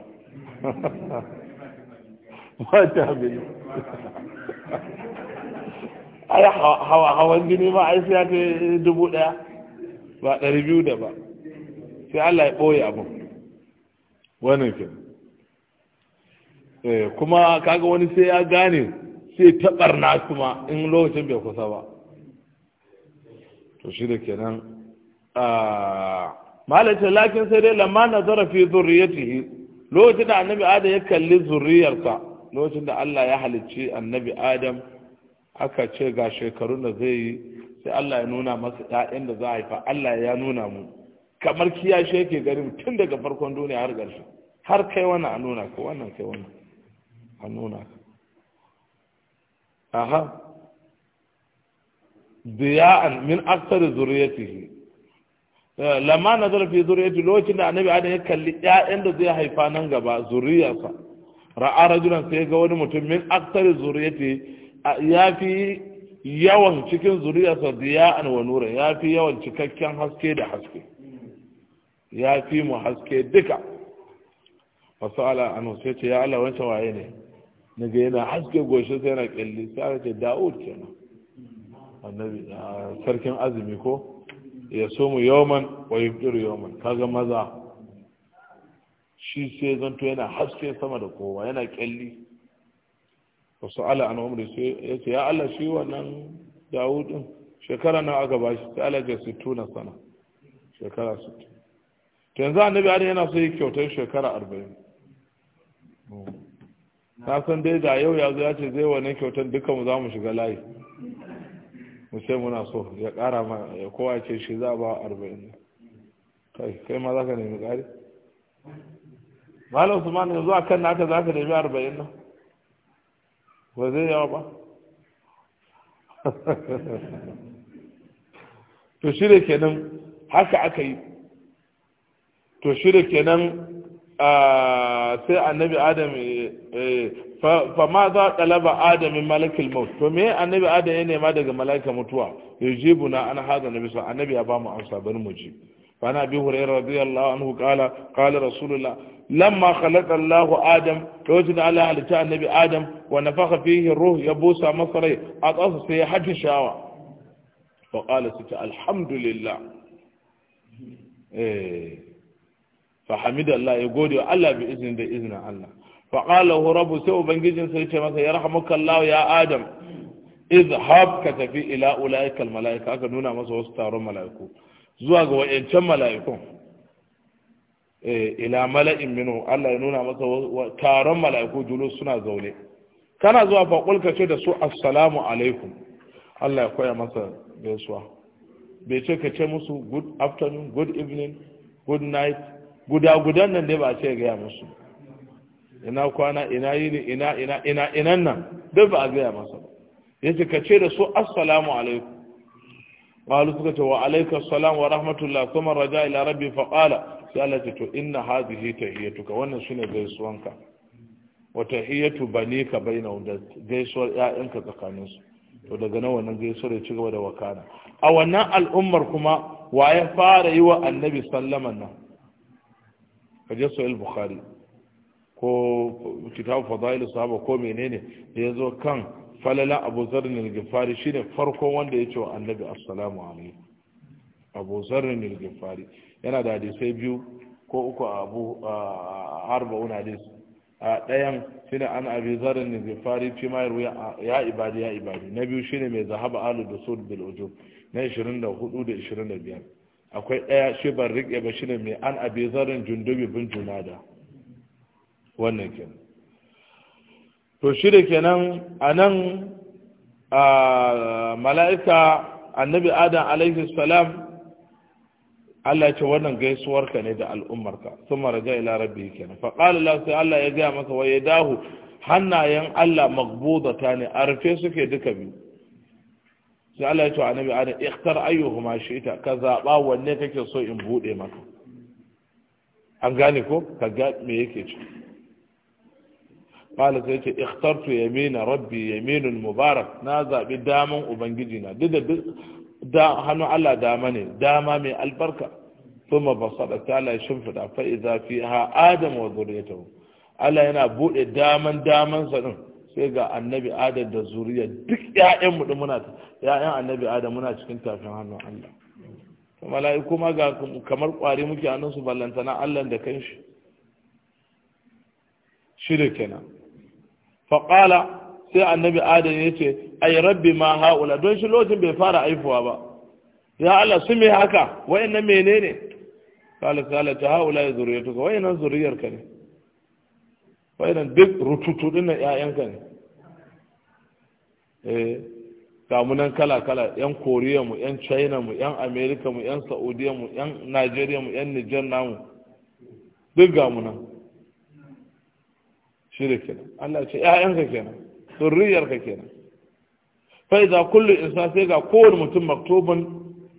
wata bai ai hawan gini ma ai sai ta dubu ɗaya ba ɗari biyu da ba sai Allah ya ɓoye abin wannan fi eh, kuma kaga wani sai ya gane sai ta barna kuma in lokacin bai kusa ba to shi da kenan malata lakin sai dai lamma nazara fi zurriyatihi lokacin da annabi adam ya kalli zurriyarsa lokacin da Allah ya halicci annabi adam aka ce ga shekarun da zai yi sai Allah ya nuna masa ɗayan da za a haifa Allah ya nuna mu kamar kiyashe yake garin tun daga farkon duniya har ƙarshe har kai wannan a nuna ka wannan kai wannan a nuna ka aha diya'an min aksar zuriyatihi eh, lamma nazara fi zuriyati lokacin da annabi adam ya kalli ƴaƴan da zai haifa nan gaba zuriyarsa ra'a rajulan sai ga wani mutum min aksar zuriyati ya fi yawan cikin zuriyarsa diya'an wa nura ya fi yawan cikakken haske da haske ya fi mu haske duka wasu ala an sai ce ya Allah wancan waye ne na ga yana haske goshe sai yana kyalli sai aka ce da'ud kenan annabi ah, sarkin azumi ko ya so mu yawman wa yubdiru yawman kaga maza shi sai zanto yana haske sama da kowa yana kyalli su ala an umri sai ya ce ya Allah shi wannan da'ud din shekara nawa aka bashi sai Allah ya na sana shekara 60 to yanzu annabi adam yana so yi kyautar shekara 40 na san dai da yau ya zo ya ce zai wani kyautar dukkan mu za mu shiga layi mu ce muna so ya ƙara ma ya kowa ce shi za a ba arba'in kai kai ma za ka nemi kari? malam suma ne zuwa kan naka za ka nemi arba'in nan ba zai yawa ba to shi da kenan haka aka yi to shi da kenan sai annabi adam fa ma za ɗalaba adamin malakil maut to me annabi adam ya nema daga malaika mutuwa yujibu na an haza nabi sa annabi ya ba mu amsa bari mu ji fa na bi hurairah radiyallahu anhu qala qala rasulullah lamma khalaqa allah adam to da allah halitta annabi adam wa nafakha fihi ruh ya busa masa rai a sai ya haji shawa fa qala sita alhamdulillah eh fa Allah ya gode wa Allah bi iznin da iznin Allah fa qala hu rabbu sai ubangijin sai ce masa ya yarhamuka Allah ya adam izhab ka tafi ila ulaikal malaika aka nuna masa wasu taron malaiku zuwa ga wayancan malaikun eh, ila mala'in minu Allah ya nuna masa taron mala'iku julus suna zaune kana zuwa faƙul ka ce da su assalamu alaikum Allah ya koya masa gaisuwa bai ce ka ce musu good afternoon good evening good night guda-gudan nan dai ba a ce gaya musu ina kwana ina yini ina ina ina inan nan duk ba a gaya masa yace ka ce da su assalamu alaikum qalu suka ce wa alayka assalam wa rahmatullah kuma raja ila rabbi fa qala sai Allah ce to inna hadhihi tahiyatuka wannan shine gaisuwanka wa tahiyatu ka bainahum da gaisuwar 'ya'yanka tsakanin su to daga nan wannan gaisuwar ya ci gaba da wakana a wannan al'ummar kuma waye fara yi wa annabi sallaman nan kaje sahih bukhari ko kitabu fadailu sahaba ko menene da ya zo kan falala abu zarrin al-gifari shine farko wanda ya ce wa annabi assalamu alaikum abu zarrin al-gifari yana da hadisai biyu ko uku abu arba'un hadis a ɗayan shine an abi zarrin al-gifari fi ma ya ibadi ya ibadi na biyu shine mai zahaba alu da sul bil ujub na 24 da 25 akwai ɗaya shi ban riƙe ba shi ne mai an abi zarin jundubi bin junada wannan kenan to shi da kenan a nan mala'ika annabi adam alaihi salam Allah ce wannan gaisuwarka ne da al'ummarka sun maraja ila rabbi kenan nan qala Allah sai Allah ya gaya masa wa dahu? hannayen Allah ta ne a rufe suke duka biyu sai Allah ya ce annabi adam ikhtar ayyuhuma shi'ta ka zaba wanne kake so in bude maka an gane ko ka ga me yake ci qala sai ce ikhtartu yamina rabbi yaminun mubarak na zabi daman ubangiji na duk da hannu Allah dama ne dama mai albarka thumma basada ta Allah ya shimfida fa idza fiha adam wa dhurriyyatuhu Allah yana bude daman daman sa din sai ga annabi adam da zuriya duk ƴaƴan mu muna ƴaƴan annabi adam muna cikin tafin hannun Allah mala'iku kuma ga kamar kwari muke hannun su ballantana Allah da kanshi shi da kenan faqala sai annabi adam ya ce ai rabbi ma haula don shi lokacin bai fara aifuwa ba ya Allah su me haka wayannan menene kala kala ta haula zuriyatuka wayannan zuriyarka ne Faidan duk rututu dinnan ƴaƴanka ne eh nan kala-kala yan koriya mu yan china mu yan america mu yan saudiya mu yan nigeria mu yan niger namu duk nan shi ne kenan allah ce ƴaƴanka kenan zurriyarka kenan fa idza kullu insa sai ga kowane mutum maktubun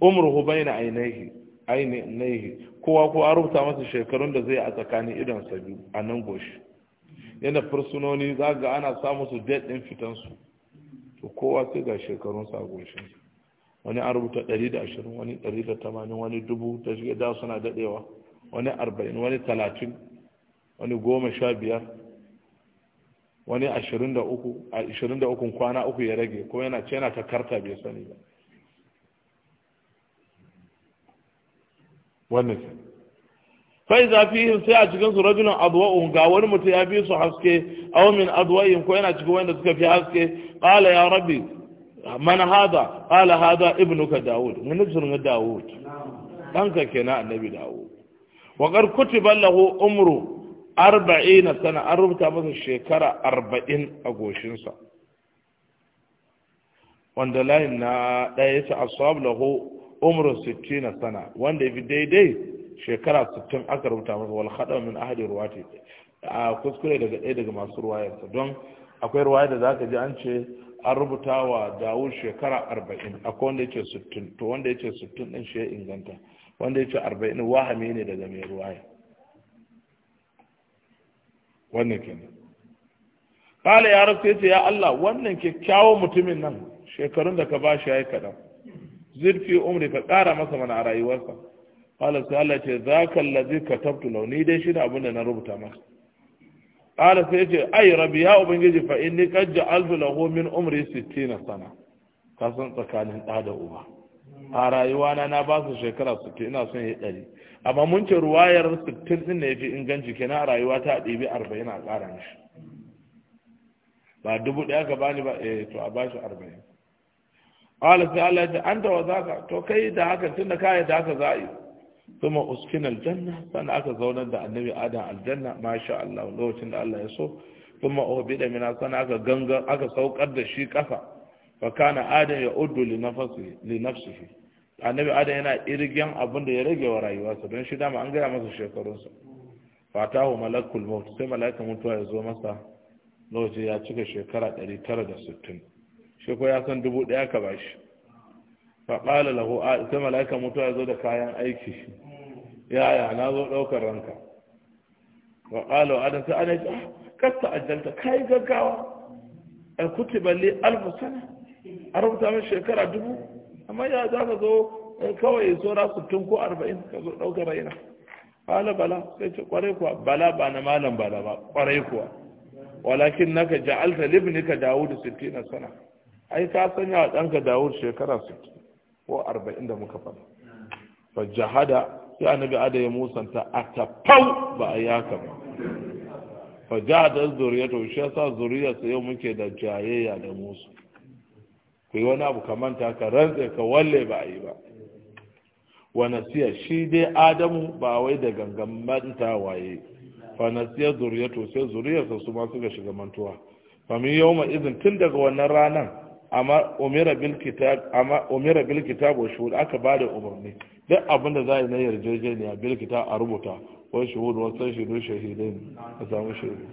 umruhu baina ainihi ainihi kowa ko a rubuta masa shekarun da zai a tsakanin idon sabi a nan goshi yana fursunoni za ga ana samu su date din fitansu to kowa sai ga shekarun sa goshin wani an rubuta 120 wani 180 wani dubu ta shiga da suna dadewa wani 40 wani 30 wani 15 wani 23 a 23 kwana uku ya rage ko yana ce yana ta karta bai sani ba wannan fai zafi sai a cikin su rajulun adwa'un ga wani mutum ya fi su haske aw min adwa'in ko yana cikin wanda suka fi haske qala ya rabbi man hada qala hada ibnuka daud mun zurmi daud danka kenan annabi daud wa qad kutiba lahu umru 40 sana an rubuta masa shekara 40 a goshinsa wanda layin na ɗaya ya ce asab lahu umru 60 sana wanda ya fi daidai shekara 60 aka rubuta masa wal khada min ahli ruwati a kuskure daga ɗaya daga masu ruwayarsa don akwai ruwaya da zaka ji an ce an rubuta wa Dawud shekara 40 akwai wanda yake 60 to wanda yake 60 din shi ya inganta wanda yake 40 wahame ne daga mai ruwaya wannan kenan kala ya rasu yace ya Allah wannan kyakkyawan mutumin nan shekarun da ka bashi yayi kadan zirfi umri ka kara masa mana a rayuwarsa qala sai Allah ce zaka allazi katabtu law ni dai shine abin da na rubuta masa qala sai ce ai rabbi ya ubangiji fa inni qad ja'altu lahu min umri 60 sana ka san tsakanin da da uba a rayuwa na na ba su shekara 60 ina son yi 100 amma mun ce ruwayar 60 din ne yafi inganci kenan a rayuwa ta 40 a ƙara mishi ba dubu ɗaya ka bani ba eh to a bashi 40 قال sai Allah ya ce anta wa zaka to kai da kuma uskin aljanna sannan aka zaunar da annabi adam aljanna masha Allah lokacin da Allah ya so kuma da mina sannan aka ganga aka saukar da shi kafa fa kana adam ya uddu li nafsihi li nafsihi annabi adam yana irgen abin da ya rage wa rayuwarsa don shi dama an gaya masa shekarunsa fatahu malakul maut sai mala'ikan mutuwa ya zo masa lokaci ya cika shekara 960 shi ko ya san dubu daya ka bashi faɗala lahu a sai mala'ika mutu ya zo da kayan aiki yaya na zo ɗaukar ranka faɗala wa adam sai ana yi kasta ajalta kayi gaggawa a kuti balle alfa sana a rubuta min shekara dubu amma ya za ka zo kawai na sittin ko arba'in ka zo ɗaukar raina ƙala bala sai ce kwarai kuwa bala ba na malam bala ba kwarai kuwa walakin naka ja'alta libni ka dawudu sittina sana ai ka sanya wa ɗanka dawudu shekara sittin ko arba'in da muka faɗa fa sai annabi ada ya musanta a tafau ba a yaka ba fa jahada zuriyatu shi yasa zuriyarsa yau muke da jayayya da musu ku yi wani abu kamanta ka rantse ka walle ba a yi ba wa nasiya shi dai adamu ba wai da gangan manta waye fa nasiya zuriyatu sai zuriyarsa su ma suka shiga mantuwa fa min yawma idin tun daga wannan ranar amma umira bil kitab amma umira bil kitab wa shuhud aka bada umarni duk abinda za a yi na yarjejeniya bil kitab a rubuta wa shuhud wa san shuhud shahidai a samu shaidu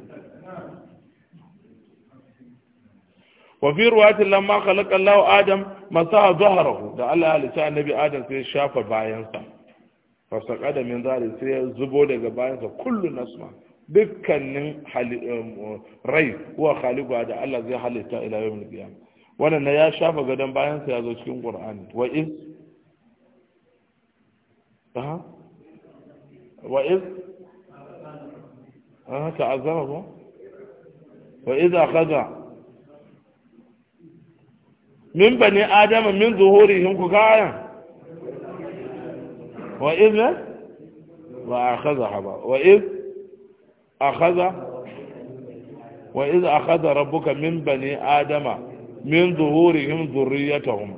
wa fi ruwatin lamma khalaqa Allahu Adam masa zaharahu da Allah ya halitta annabi Adam sai shafa bayansa fasaka da min zari sai zubo daga bayansa kullu nasma dukkanin um, rai wa khaliqa da Allah zai halitta ila yawmil qiyamah waɗanda ya shafa gadon bayansa ya zo cikin ƙur'ani wa iz wa iz an haka azama ba wa iz akaza min bani adama min zuhuri hin ku kaya wa iz ne wa akaza ba wa iz akaza wa iz akaza rabbuka min bani adama min zuhurihim zurriyatahum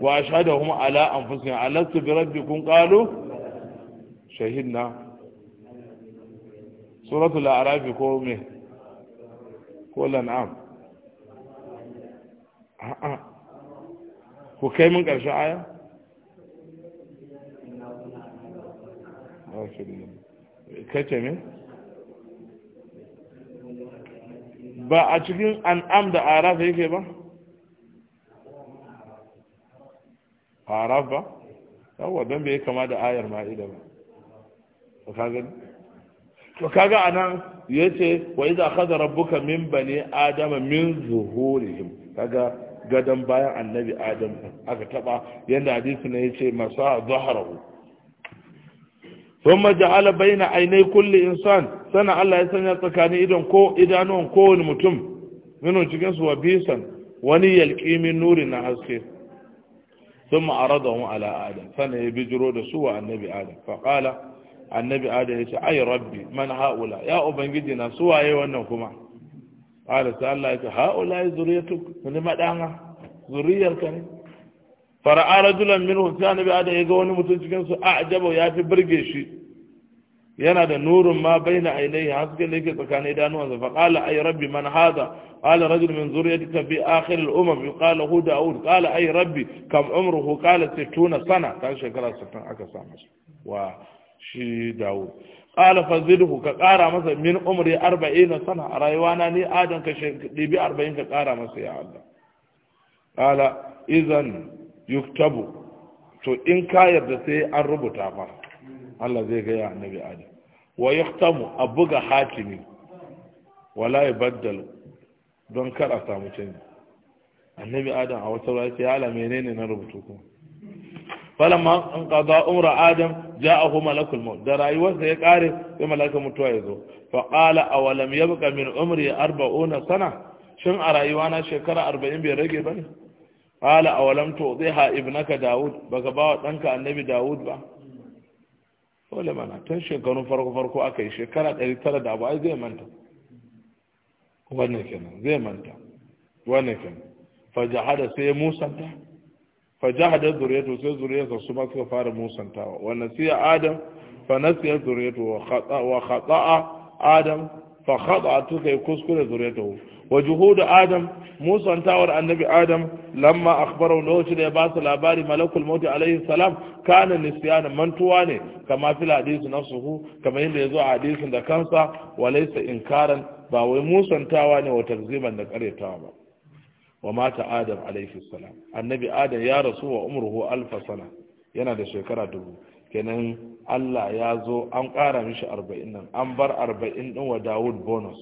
wa ashhadahum ala anfusihim alastu bi rabbikum qalu shahidna suratul a'raf ko me ko lan'am a'a ku kai mun karshe aya kace me ba a cikin an'am da araf yake ba araf ba don bai kama da ayar ma'ida ba ka kaga a nan anan yace wa idza akhadha rabbuka min bani adama min zuhurihim kaga gadon bayan annabi adam aka taba yadda hadisi na yace masa zahrahu thumma ala baina aynay kulli insan sana Allah ya sanya tsakanin idan ko idanuwan kowane mutum minun cikinsu wa bisan wani yalƙimin min nurin na haske ثم عرضهم على آدم فنبجروا دسوا النبي آدم فقال النبي آدم يسأل أي ربي من هؤلاء يا أبن أبنجدنا سوى أي وأنكما قال سأل الله يسأل هؤلاء ذريتك من ما دعنا ذريتك فرأى رجلا منهم ثاني بآدم يقول نمتنسكين سأعجبه يا في برقشي yana da nurin ma bai na ainihi hasken da yake tsakanin idanuwansa fa kala ay rabbi man haza qala rajul min zurriyatika fi akhir al umam qala hu daud kala ai rabbi kam umruhu kala 60 sana ta shekara 60 aka samu shi wa shi daud kala fazidhu ka ƙara masa min umri 40 sana a rayuwana ni adam ka dibi 40 ka ƙara masa ya Allah kala idan yuktabu to in ka yarda sai an rubuta fa Allah zai gaya annabi adam wa yaqtamu abuga hatimi wala yabaddal don kar a samu canji annabi adam a wata rayuwa ya ala menene na rubutu kuma falamma an qada umra adam ja'ahu malakul maut da rayuwarsa ya kare sai malaka mutuwa ya zo fa qala awalam yabqa min umri 40 sana shin a rayuwana shekara 40 bai rage bane qala awalam tu'tiha ibnaka daud baka bawa danka annabi daud ba dole mana tun shekarun farko-farko aka yi shekara ɗari tara da abu ai zai manta wannan kenan zai manta wannan kenan fajahada sai musanta fajahada zuriyatu sai zuriyatu su ma suka fara musantawa wannan sai adam fa nasiya zuriyatu wa khata'a adam fa khada'atu kai kuskure zuriyatahu wa juhudu adam musantawar annabi adam lamma akhbarahu lokacin da ya basu su labari malakul maut alaihi salam kana mantuwa ne kama fil hadisi nafsuhu kamar yadda yazo a hadisin da kansa wa laysa inkaran ba wai musantawa ne wa takziban da karyatawa ba wa mata adam alaihi salam annabi adam ya rasu wa umurhu alfasana. yana da shekara dubu kenan Allah ya zo an ƙara mishi arba'in nan an bar arba'in ɗin wa Dawud bonus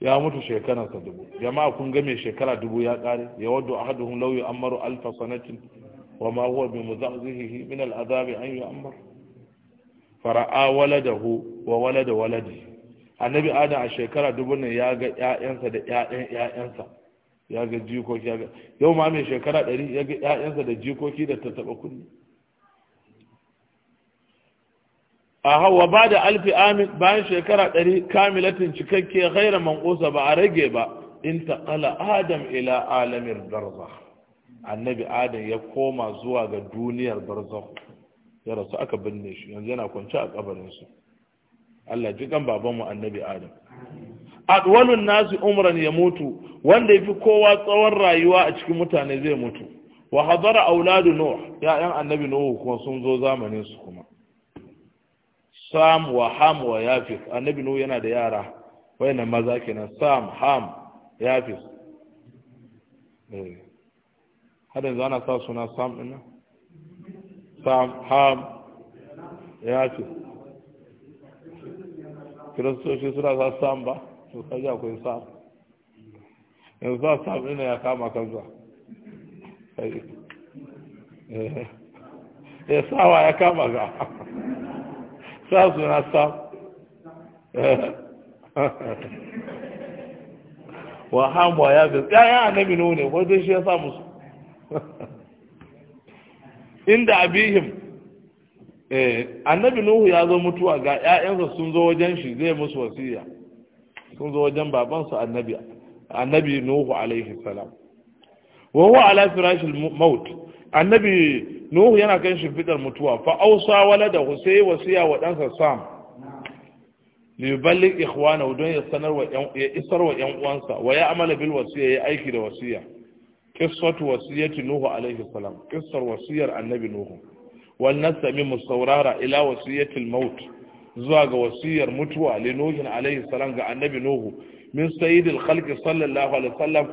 ya mutu shekararsa dubu jama'a kun ga mai shekara dubu ya ƙare ya hun lauyi an yu'ammaru alfa sanatin wa ma huwa bi muzahzihi min al'azabi an yi bar fara'a wala hu wa da waladi annabi adam a shekara dubu ne ya ga ƴaƴansa da ƴaƴan ƴaƴansa ya ga jikoki ya ga yau ma mai shekara ɗari ya ga ƴaƴansa da jikoki da ta taɓa kunne a hawa ba da alfi amin bayan shekara ɗari kamilatin cikakke ghaira manƙusa ba a rage ba in ƙala adam ila Alamir barza annabi adam ya koma zuwa ga duniyar barza ya rasu aka binne shi yanzu yana kwance a kabarinsu Allah ji kan babanmu annabi adam adwalun nasu umran ya mutu wanda yafi kowa tsawon rayuwa a cikin mutane zai mutu wa hadara auladu nuh ya'yan annabi nuh kuma sun zo zamanin su kuma sam wa ham wa yafis annabi nuh yana da yara wayannan maza kenan sam ham yafis eh, har yanzu ana sa suna sam din sam ham yafis kiristoci suna sa sam ba to kaji akwai sa yanzu za a samu ina ya kama kan zuwa ya eh. eh, sawa ya kama ga sa suna sa eh. wa hamuwa ya fi ya annabi ne wajen shi ya samu inda abihim annabi nuhu ya zo mutuwa ga 'ya'yansa sun zo wajen shi zai musu wasiya sun zo wajen babansu annabi annabi nuhu alaihi salam wa huwa ala firashil maut annabi nuhu yana kan shimfidar mutuwa fa ausa walada husay wasiya wa dansa sam li yuballigh ikhwanahu don ya sanar wa isar wa ƴan uwansa wa ya amala bil wasiya ya aiki da wasiya qissatu wasiyati nuhu alaihi salam qissar wasiyar annabi nuhu wal nasami musaurara ila wasiyatil maut zuwa ga wasiyar mutuwa li nuhin alaihi salam ga annabi nuhu min sayyidil khalqi sallallahu alaihi wasallam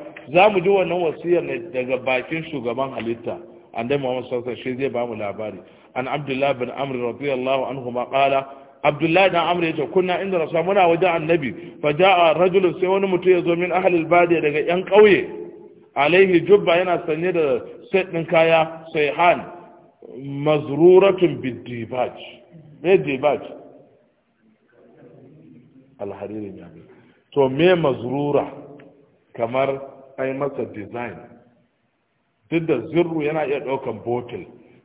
mu ji wannan wasiyar ne daga bakin shugaban halitta annabi Muhammad sallallahu alaihi wasallam shi zai ba mu labari an Abdullah bin Amr radiyallahu anhu ma qala Abdullah dan Amr yace kunna inda rasul muna wajen annabi fa jaa rajulun sai wani mutum ya zo min ahli al-badiya daga yan kauye alaihi jubba yana sanye da set din kaya sayhan mazruratun bid-dibaj bid alharirin yami to me mazrura kamar ai masa design duk da zirru yana iya ɗaukan botul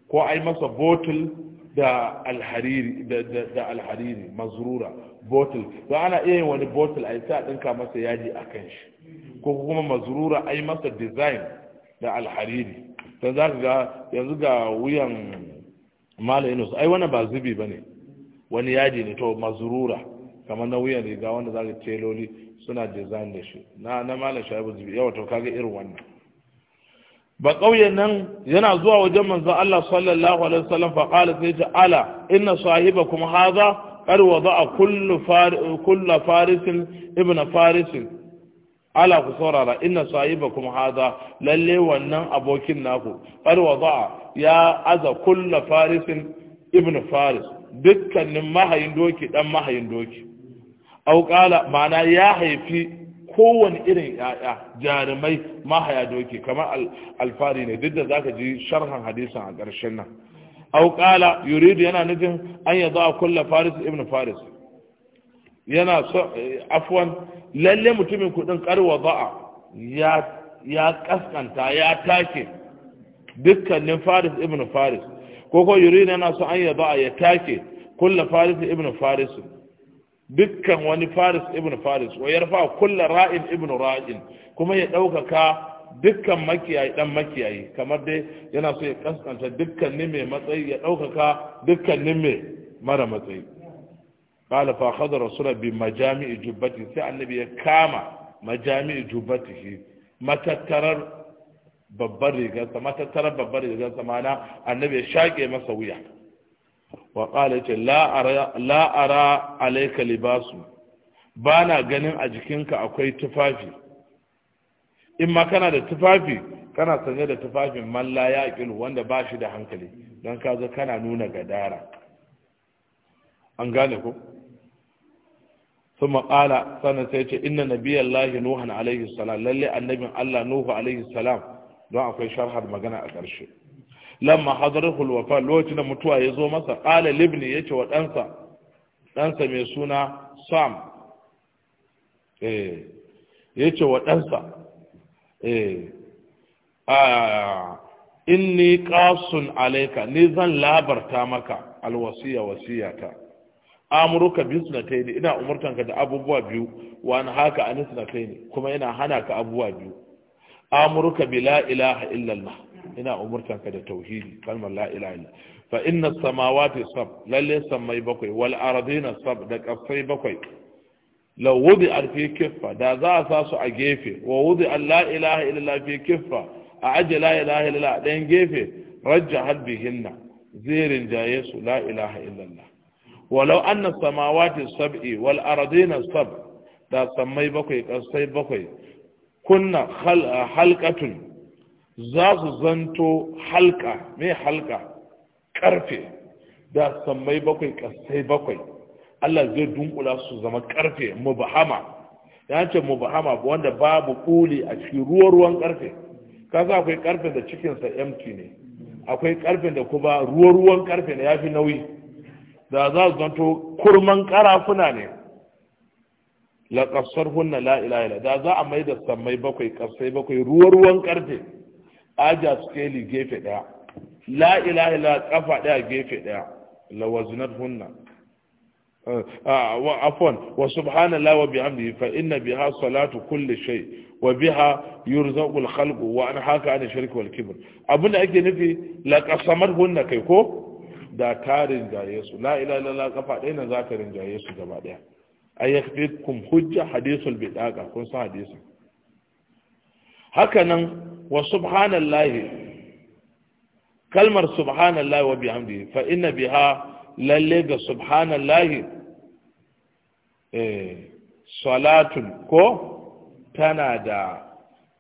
ko ai masa botul da alhariri da alhariri mazrura botul To ana iya yin wani botul a sa ɗinka masa yaji a kan shi ko kuma mazrura ai masa design da alhariri Ta za ka ga yanzu ga wuyan malayinus ai wani ba zubi ba ne wani yaji ne to mazrura kamar na wuyan riga wanda za ka teloli suna design da shi na na malam shaibu zubi yawa to kaga irin wannan ba ƙauyen nan yana zuwa wajen manzon Allah sallallahu alaihi wasallam fa qala sai ta ala inna sahibakum hadha qad wada'a kullu kullu farisin ibnu farisin ala ku saurara inna sahibakum hadha lalle wannan abokin naku qad wada'a ya aza kullu farisin ibnu faris dukkanin mahayin doki dan mahayin doki auƙala ma'ana ya haifi kowane irin ya'ya jarumai mahaya doki kamar alfari ne duk da za ka ji sharhan hadisan a ƙarshen nan auƙala yuridu yana nufin an ya a kulla faris ibn faris yana so eh, afwan lalle mutumin kudin karwa ba'a ya ya kaskanta ya take dukkanin faris ibn faris ko ko yuridu yana so an ya a ya take kulla faris ibn faris dukkan wani faris ibn faris wa yarfa kulla ra'in ibn ra'in kuma ya ɗaukaka dukkan makiyayi dan makiyayi kamar dai yana so ya kaskanta dukkanin mai matsayi ya ɗaukaka dukkanin mai mara matsayi qala fa khadha rasul bi majami'i jubbati sai annabi ya kama majami'i jubbatihi matattarar babbar rigarsa matattarar babbar rigarsa mana annabi ya shake masa wuya wa qala ce la ara alayka libasu bana ganin a jikinka akwai tufafi in ma kana da tufafi kana sanye da tufafin malla ya wanda ba shi da hankali don ka zo kana nuna gadara an gane ko ثم قال سنة سيتي إن نبي الله نوح alayhi salam lalle النبي Allah نوح alayhi salam don akwai sharhar magana a ƙarshe lamma hadarahu alwafa lokacin da mutuwa ya zo masa qala libni yace wa ɗansa ɗansa mai suna sam eh yace wa ɗansa eh inni qasun alayka ni zan labarta maka alwasiya wasiyata amurka bisnataini ina umurtanka da abubuwa biyu wa an haka ne kuma ina hana ka abubuwa biyu amurka bila ilaha illallah ina umurtan ka da tauhidi kalmar la ilaha illa fa inna samawati sab lalle samai bakwai wal ardina sab da kafai bakwai law wudi al fi kaffa da za a sa su a gefe wa wudi al la ilaha illa la fi kaffa a aje la ilaha illa dan gefe rajja hal bihinna zirin jaye su la ilaha illa illallah walau anna samawati sab'i wal ardina sab da samai bakwai kasai bakwai kunna halqatun za su zanto halka mai halka karfe da sammai bakwai kasai bakwai Allah zai dunkula su zama karfe mubahama ya ce mubahama wanda babu kuli a cikin ruwa ruwan karfe kaza akwai karfe da cikinsa empty ne akwai karfe da kuma ruwa ruwan karfe ne ya fi nauyi da za su zanto kurman karafuna ne kasar hunna la da za a mai da sammai bakwai kasai bakwai ruwa ruwan karfe aja skeli gefe daya la ilaha illa kafa daya gefe daya lawazinat hunna eh, ah, wa afwan wa subhanallah wa bihamdihi fa inna biha salatu kulli shay wa biha yurzaqul khalqu wa an haka an shirk wal kibr abun ake nufi la qasamat hunna kai ko da tarin jaye su la ilaha illa kafa dai nan za ta rinjaye su gaba daya ayyakum hujja hadithul bidaqa kun san hadisi haka nan wa subhanallahi kalmar subhanallahi wa bihamdi fa inna biha lalle ga subhanallahi eh, salatun ko tana da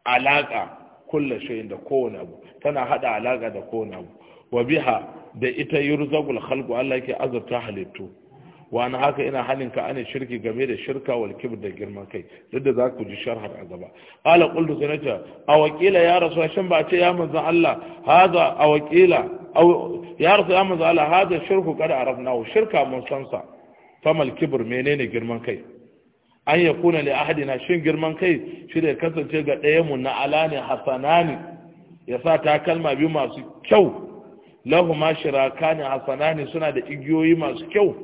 alaƙa kulla shayin da kowane abu tana hada alaƙa da kowane abu wa biha da ita yurzagul khalqu Allah ke azurta halittu wa na haka ina halin ka ana shirki game da shirka wal kibr da girman kai duk da za ku ji sharhar a gaba ala qultu sanata a wakila ya rasul shan ba ce ya manzo Allah hada a wakila aw ya rasul ya manzo Allah hada shirku kada wa shirka mun san sa famal kibr menene girman kai an ya kuna li ahadina shin girman kai shi da kasance ga ɗaya mu na alani hasanani ya sa takalma biyu masu kyau lahu ma shirakani hasanani suna da igiyoyi masu kyau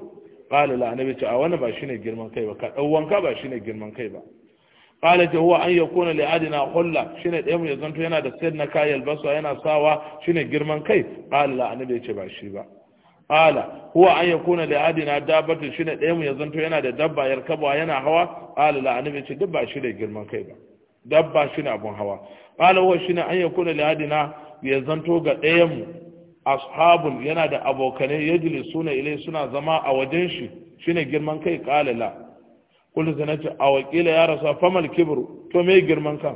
qala la annabi ce a wani ba shine girman kai ba ka wanka ba shine girman kai ba qala ta huwa an yakuna li adina shi shine ɗaya mu ya zanto yana da sayar na kayan basu yana sawa shine girman kai qala la annabi ce ba shi ba Ƙala huwa an yakuna li adina dabatu shine ɗaya mu ya zanto yana da dabba yarkabawa yana hawa qala la annabi ce duk ba shi ne girman kai ba dabba shine abun hawa qala huwa shine an yakuna li adina ya zanto ga ɗayan mu ashabun yana da abokanai jili suna ilai suna zama a wajen shi shine girman kai kalala kullu zana ce a wakila ya rasa famal kibir to me girman kan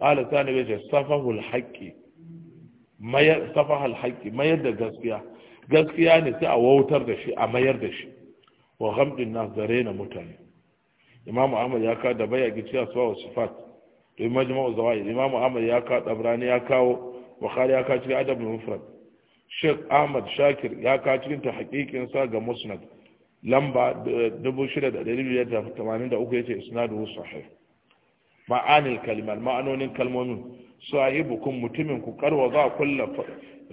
qala sani bai ce safahul haqqi mayar safahul haqqi mayar da gaskiya gaskiya ne sai a wautar da shi a mayar da shi wa ghamdin nas da mutane imam ahmad ya ka da bayaki cewa suwa wa sifat to majma'u zawai imam ahmad ya ka dabrani ya kawo bukhari ya ka cikin adab mufrad sheikh ahmad shakir ya ka cikin ta sa ga musnad lamba 6583 yace isnadu sahih ma'anil kalimat ma'anonin kalmomin sahibukum mutumin ku karwa za kulla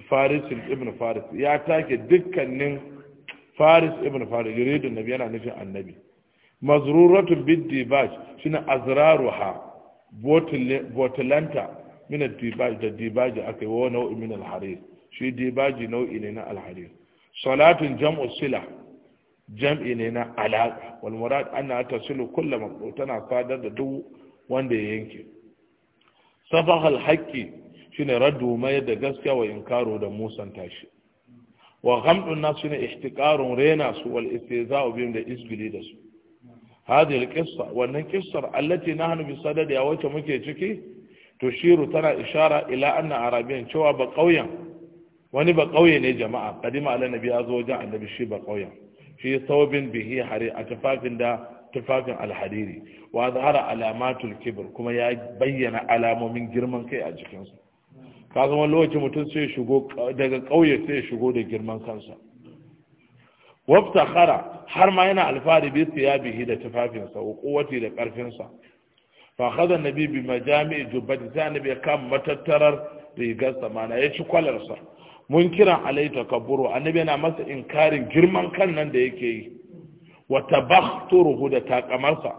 faris ibn faris ya take dukkanin faris ibn faris yuridu nabi yana nufin annabi mazruratu bidibaj dibaj shine azraruha botulanta min dibaj da dibaj akai wa nau'in min al-harir shi dai baji nau'i ne na alhadi salatun jam'u sila jam'i ne na alaqa wal murad anna tasilu kullu maqdu tana fadar da duk wanda ya yanke sabah al haqqi shine raddu mai da gaskiya wa inkaro da musan tashi. wa ghamdun nas shine ihtiqarun rena su wal istizaa bihim da isbili da su hadhihi al qissa wannan qissar allati nahnu bi sadad ya wace muke ciki tushiru tana ishara ila anna arabiyan cewa ba kauyen wani ba kauye ne jama'a kadima ala nabi ya zo wajen annabi shi ba kauyen shi thawbin bihi hari a tufafin da tufafin alhariri wa zahara alamatul kibr kuma ya bayyana alamomin girman kai a jikinsa ka zama lokacin mutum sai shigo daga kauye sai shigo da girman kansa wabtakhara har ma yana alfahari bi bihi da tufafinsa wa wati da karfinsa fa khadha nabi bi majami'i jubbati sai nabi ya kama matattarar rigarsa mana ya ci kwalarsa munkiran alaita kaburu annabi yana masa inkarin girman kan nan da yake yi wa tabakhturuhu da takamarsa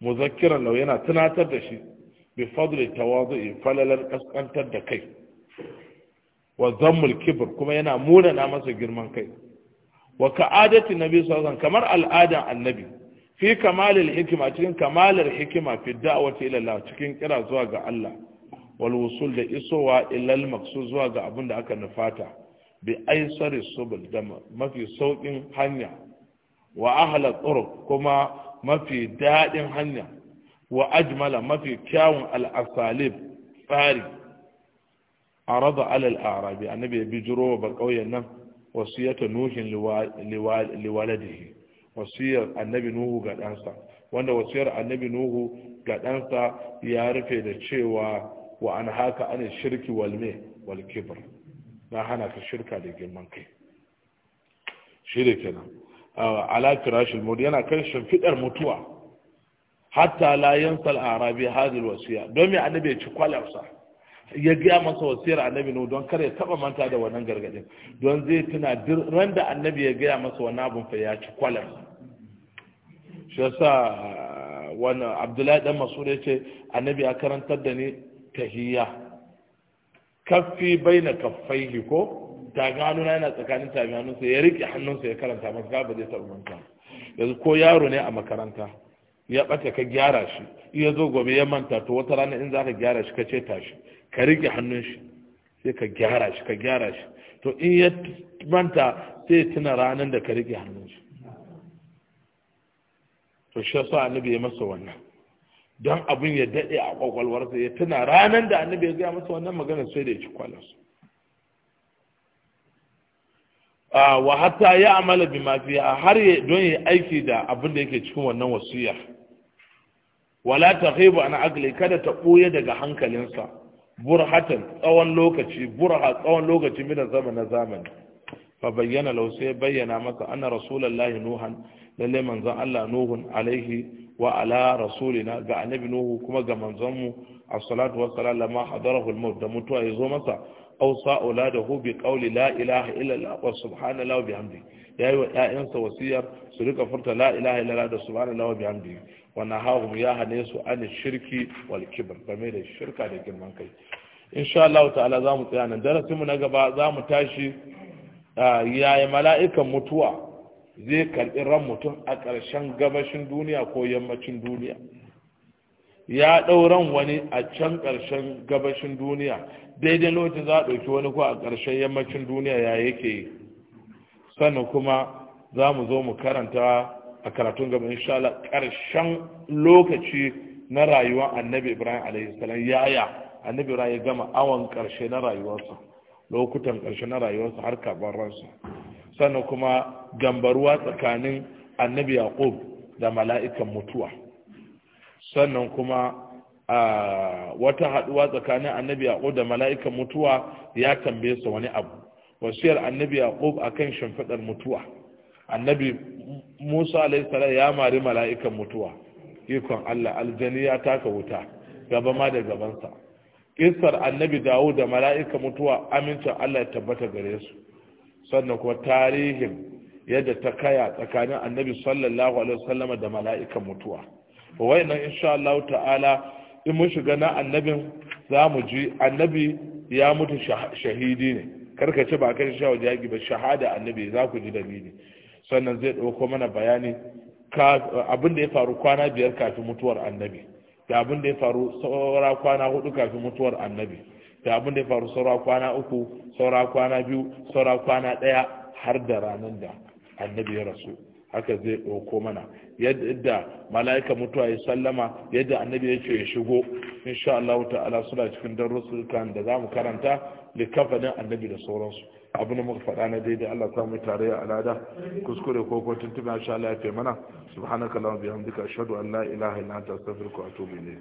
muzakkiran law yana tunatar da shi bi fadli tawazu'i falalar kaskantar da kai wa zammul kibr kuma yana munana masa girman kai wa ka'adati nabi sallallahu kamar al'adan annabi fi kamalil hikima cikin kamalar hikima fi da'wati ila Allah cikin kira zuwa ga Allah walwusul da isowa ilal maksu zuwa ga abin da aka nufata bi aisari subul da mafi saukin hanya wa ahla turuq kuma mafi daɗin hanya wa ajmala mafi kyawun al'asalib tsari a raba alal arabi annabi ya bijiro wa bakauyen nan wasiyata nuhin liwaladihi wasiyar annabi nuhu ga ɗansa wanda wasiyar annabi nuhu ga ɗansa ya rufe da cewa wa an haka an shirki walme wal kibr na hana ka shirka da girman kai shi da kenan ala firashil mawt yana kan shimfidar mutuwa hatta la yansa al arabi hadhihi al wasiya don me annabi ya ci kwalarsa. ya gaya masa wasiyar annabi ne don kar ya taba manta da wannan gargadin don zai tuna ran da annabi ya gaya masa wannan abun fa ya ci kwalafsa shi yasa wannan abdullahi dan masu ya ce annabi ya karantar da ni tahiyya kaffi baina kaffaihi ko taga na yana tsakanin tabi hannunsa ya rike hannunsa ya karanta masu ba zai taɓa manta yanzu ko yaro ne a makaranta ya ɓata ka gyara shi iya zo gobe ya manta to wata rana in za ka gyara shi ka ce tashi ka riƙe hannun shi sai ka gyara shi ka gyara shi to in ya manta sai tuna ranar da ka riƙe hannun shi to shi yasa annabi ya masa wannan don abin ya daɗe a ƙwaƙwalwarsa ya tuna ranar da annabi ya gaya masa wannan magana sai da ya ci kwalarsa wa hatta ya amala bi mafiya har don ya aiki da abin da yake cikin wannan wasiya wala ta haibu ana agli kada ta ɓoye daga hankalinsa burhatan tsawon lokaci burha tsawon lokaci mina zama na zamani fa bayyana lau sai bayyana masa ana rasulullahi nuhan lalle manzon Allah nuhun alaihi wa ala rasulina ga annabi nuhu kuma ga manzonmu as-salatu wa salam lamma hadarahu al-maut da mutuwa ya zo masa aw sa'ula da hu bi qawli la ilaha illa Allah wa subhanallahi wa bihamdi yayi wa ƴaƴansa wasiyar su rika furta la ilaha illa Allah da subhanallahi wa bihamdi wa nahahum ya hane su an shirki wal kibr game da shirka da girman kai insha Allah ta'ala zamu tsaya nan darasinmu na gaba zamu tashi yayi mala'ikan mutuwa zai karɓi ran mutum a ƙarshen gabashin duniya ko yammacin duniya ya ɗauran wani a can ƙarshen gabashin duniya daidai lokacin za a ɗauki wani ko a ƙarshen yammacin duniya ya yake yi sannan kuma za mu zo mu karanta a karatun gaba insha Allah ƙarshen lokaci na rayuwar annabi ibrahim alaihi salam yaya annabi ibrahim ya gama awon ƙarshe na rayuwarsa lokutan ƙarshe na rayuwarsa har karɓar ransa sannan kuma gambaruwa tsakanin annabi yaqub da mala'ikan mutuwa sannan kuma a wata haduwa tsakanin annabi yaqub da mala'ikan mutuwa ya tambaye su wani abu wasiyar annabi yaqub akan shimfidar mutuwa annabi musa alayhi ya mari mala'ikan mutuwa ikon Allah aljani ya taka wuta gaba ma da gabansa kisar annabi dawo da mala'ikan mutuwa amincin Allah ya tabbata gare su sannan kuma tarihin yadda ta kaya tsakanin annabi sallallahu alaihi wasallama da mala'ikan mutuwa wayannan insha Allah ta'ala in mun shiga na annabin za mu ji annabi ya mutu shahidi ne karkace ba kan sha waje ba shahada annabi za ku ji dalili sannan zai dauko mana bayani abin da ya faru kwana biyar kafin mutuwar annabi da abin da ya faru saura kwana hudu kafin mutuwar annabi da abin da ya faru saura kwana uku saura kwana biyu saura kwana ɗaya har da ranar da annabi ya rasu haka zai ɗauko mana yadda mala'ika mutuwa ya sallama yadda annabi ya ce ya shigo insha Allah ta'ala suna cikin darussukan da zamu karanta likafanin annabi da sauransu abin da muka faɗa na daidai Allah ta mai tare a alada kuskure ko ko tuntuna insha Allah ya fe mana allahumma bihamdika ashhadu an la ilaha illa anta astaghfiruka wa atubu ilayk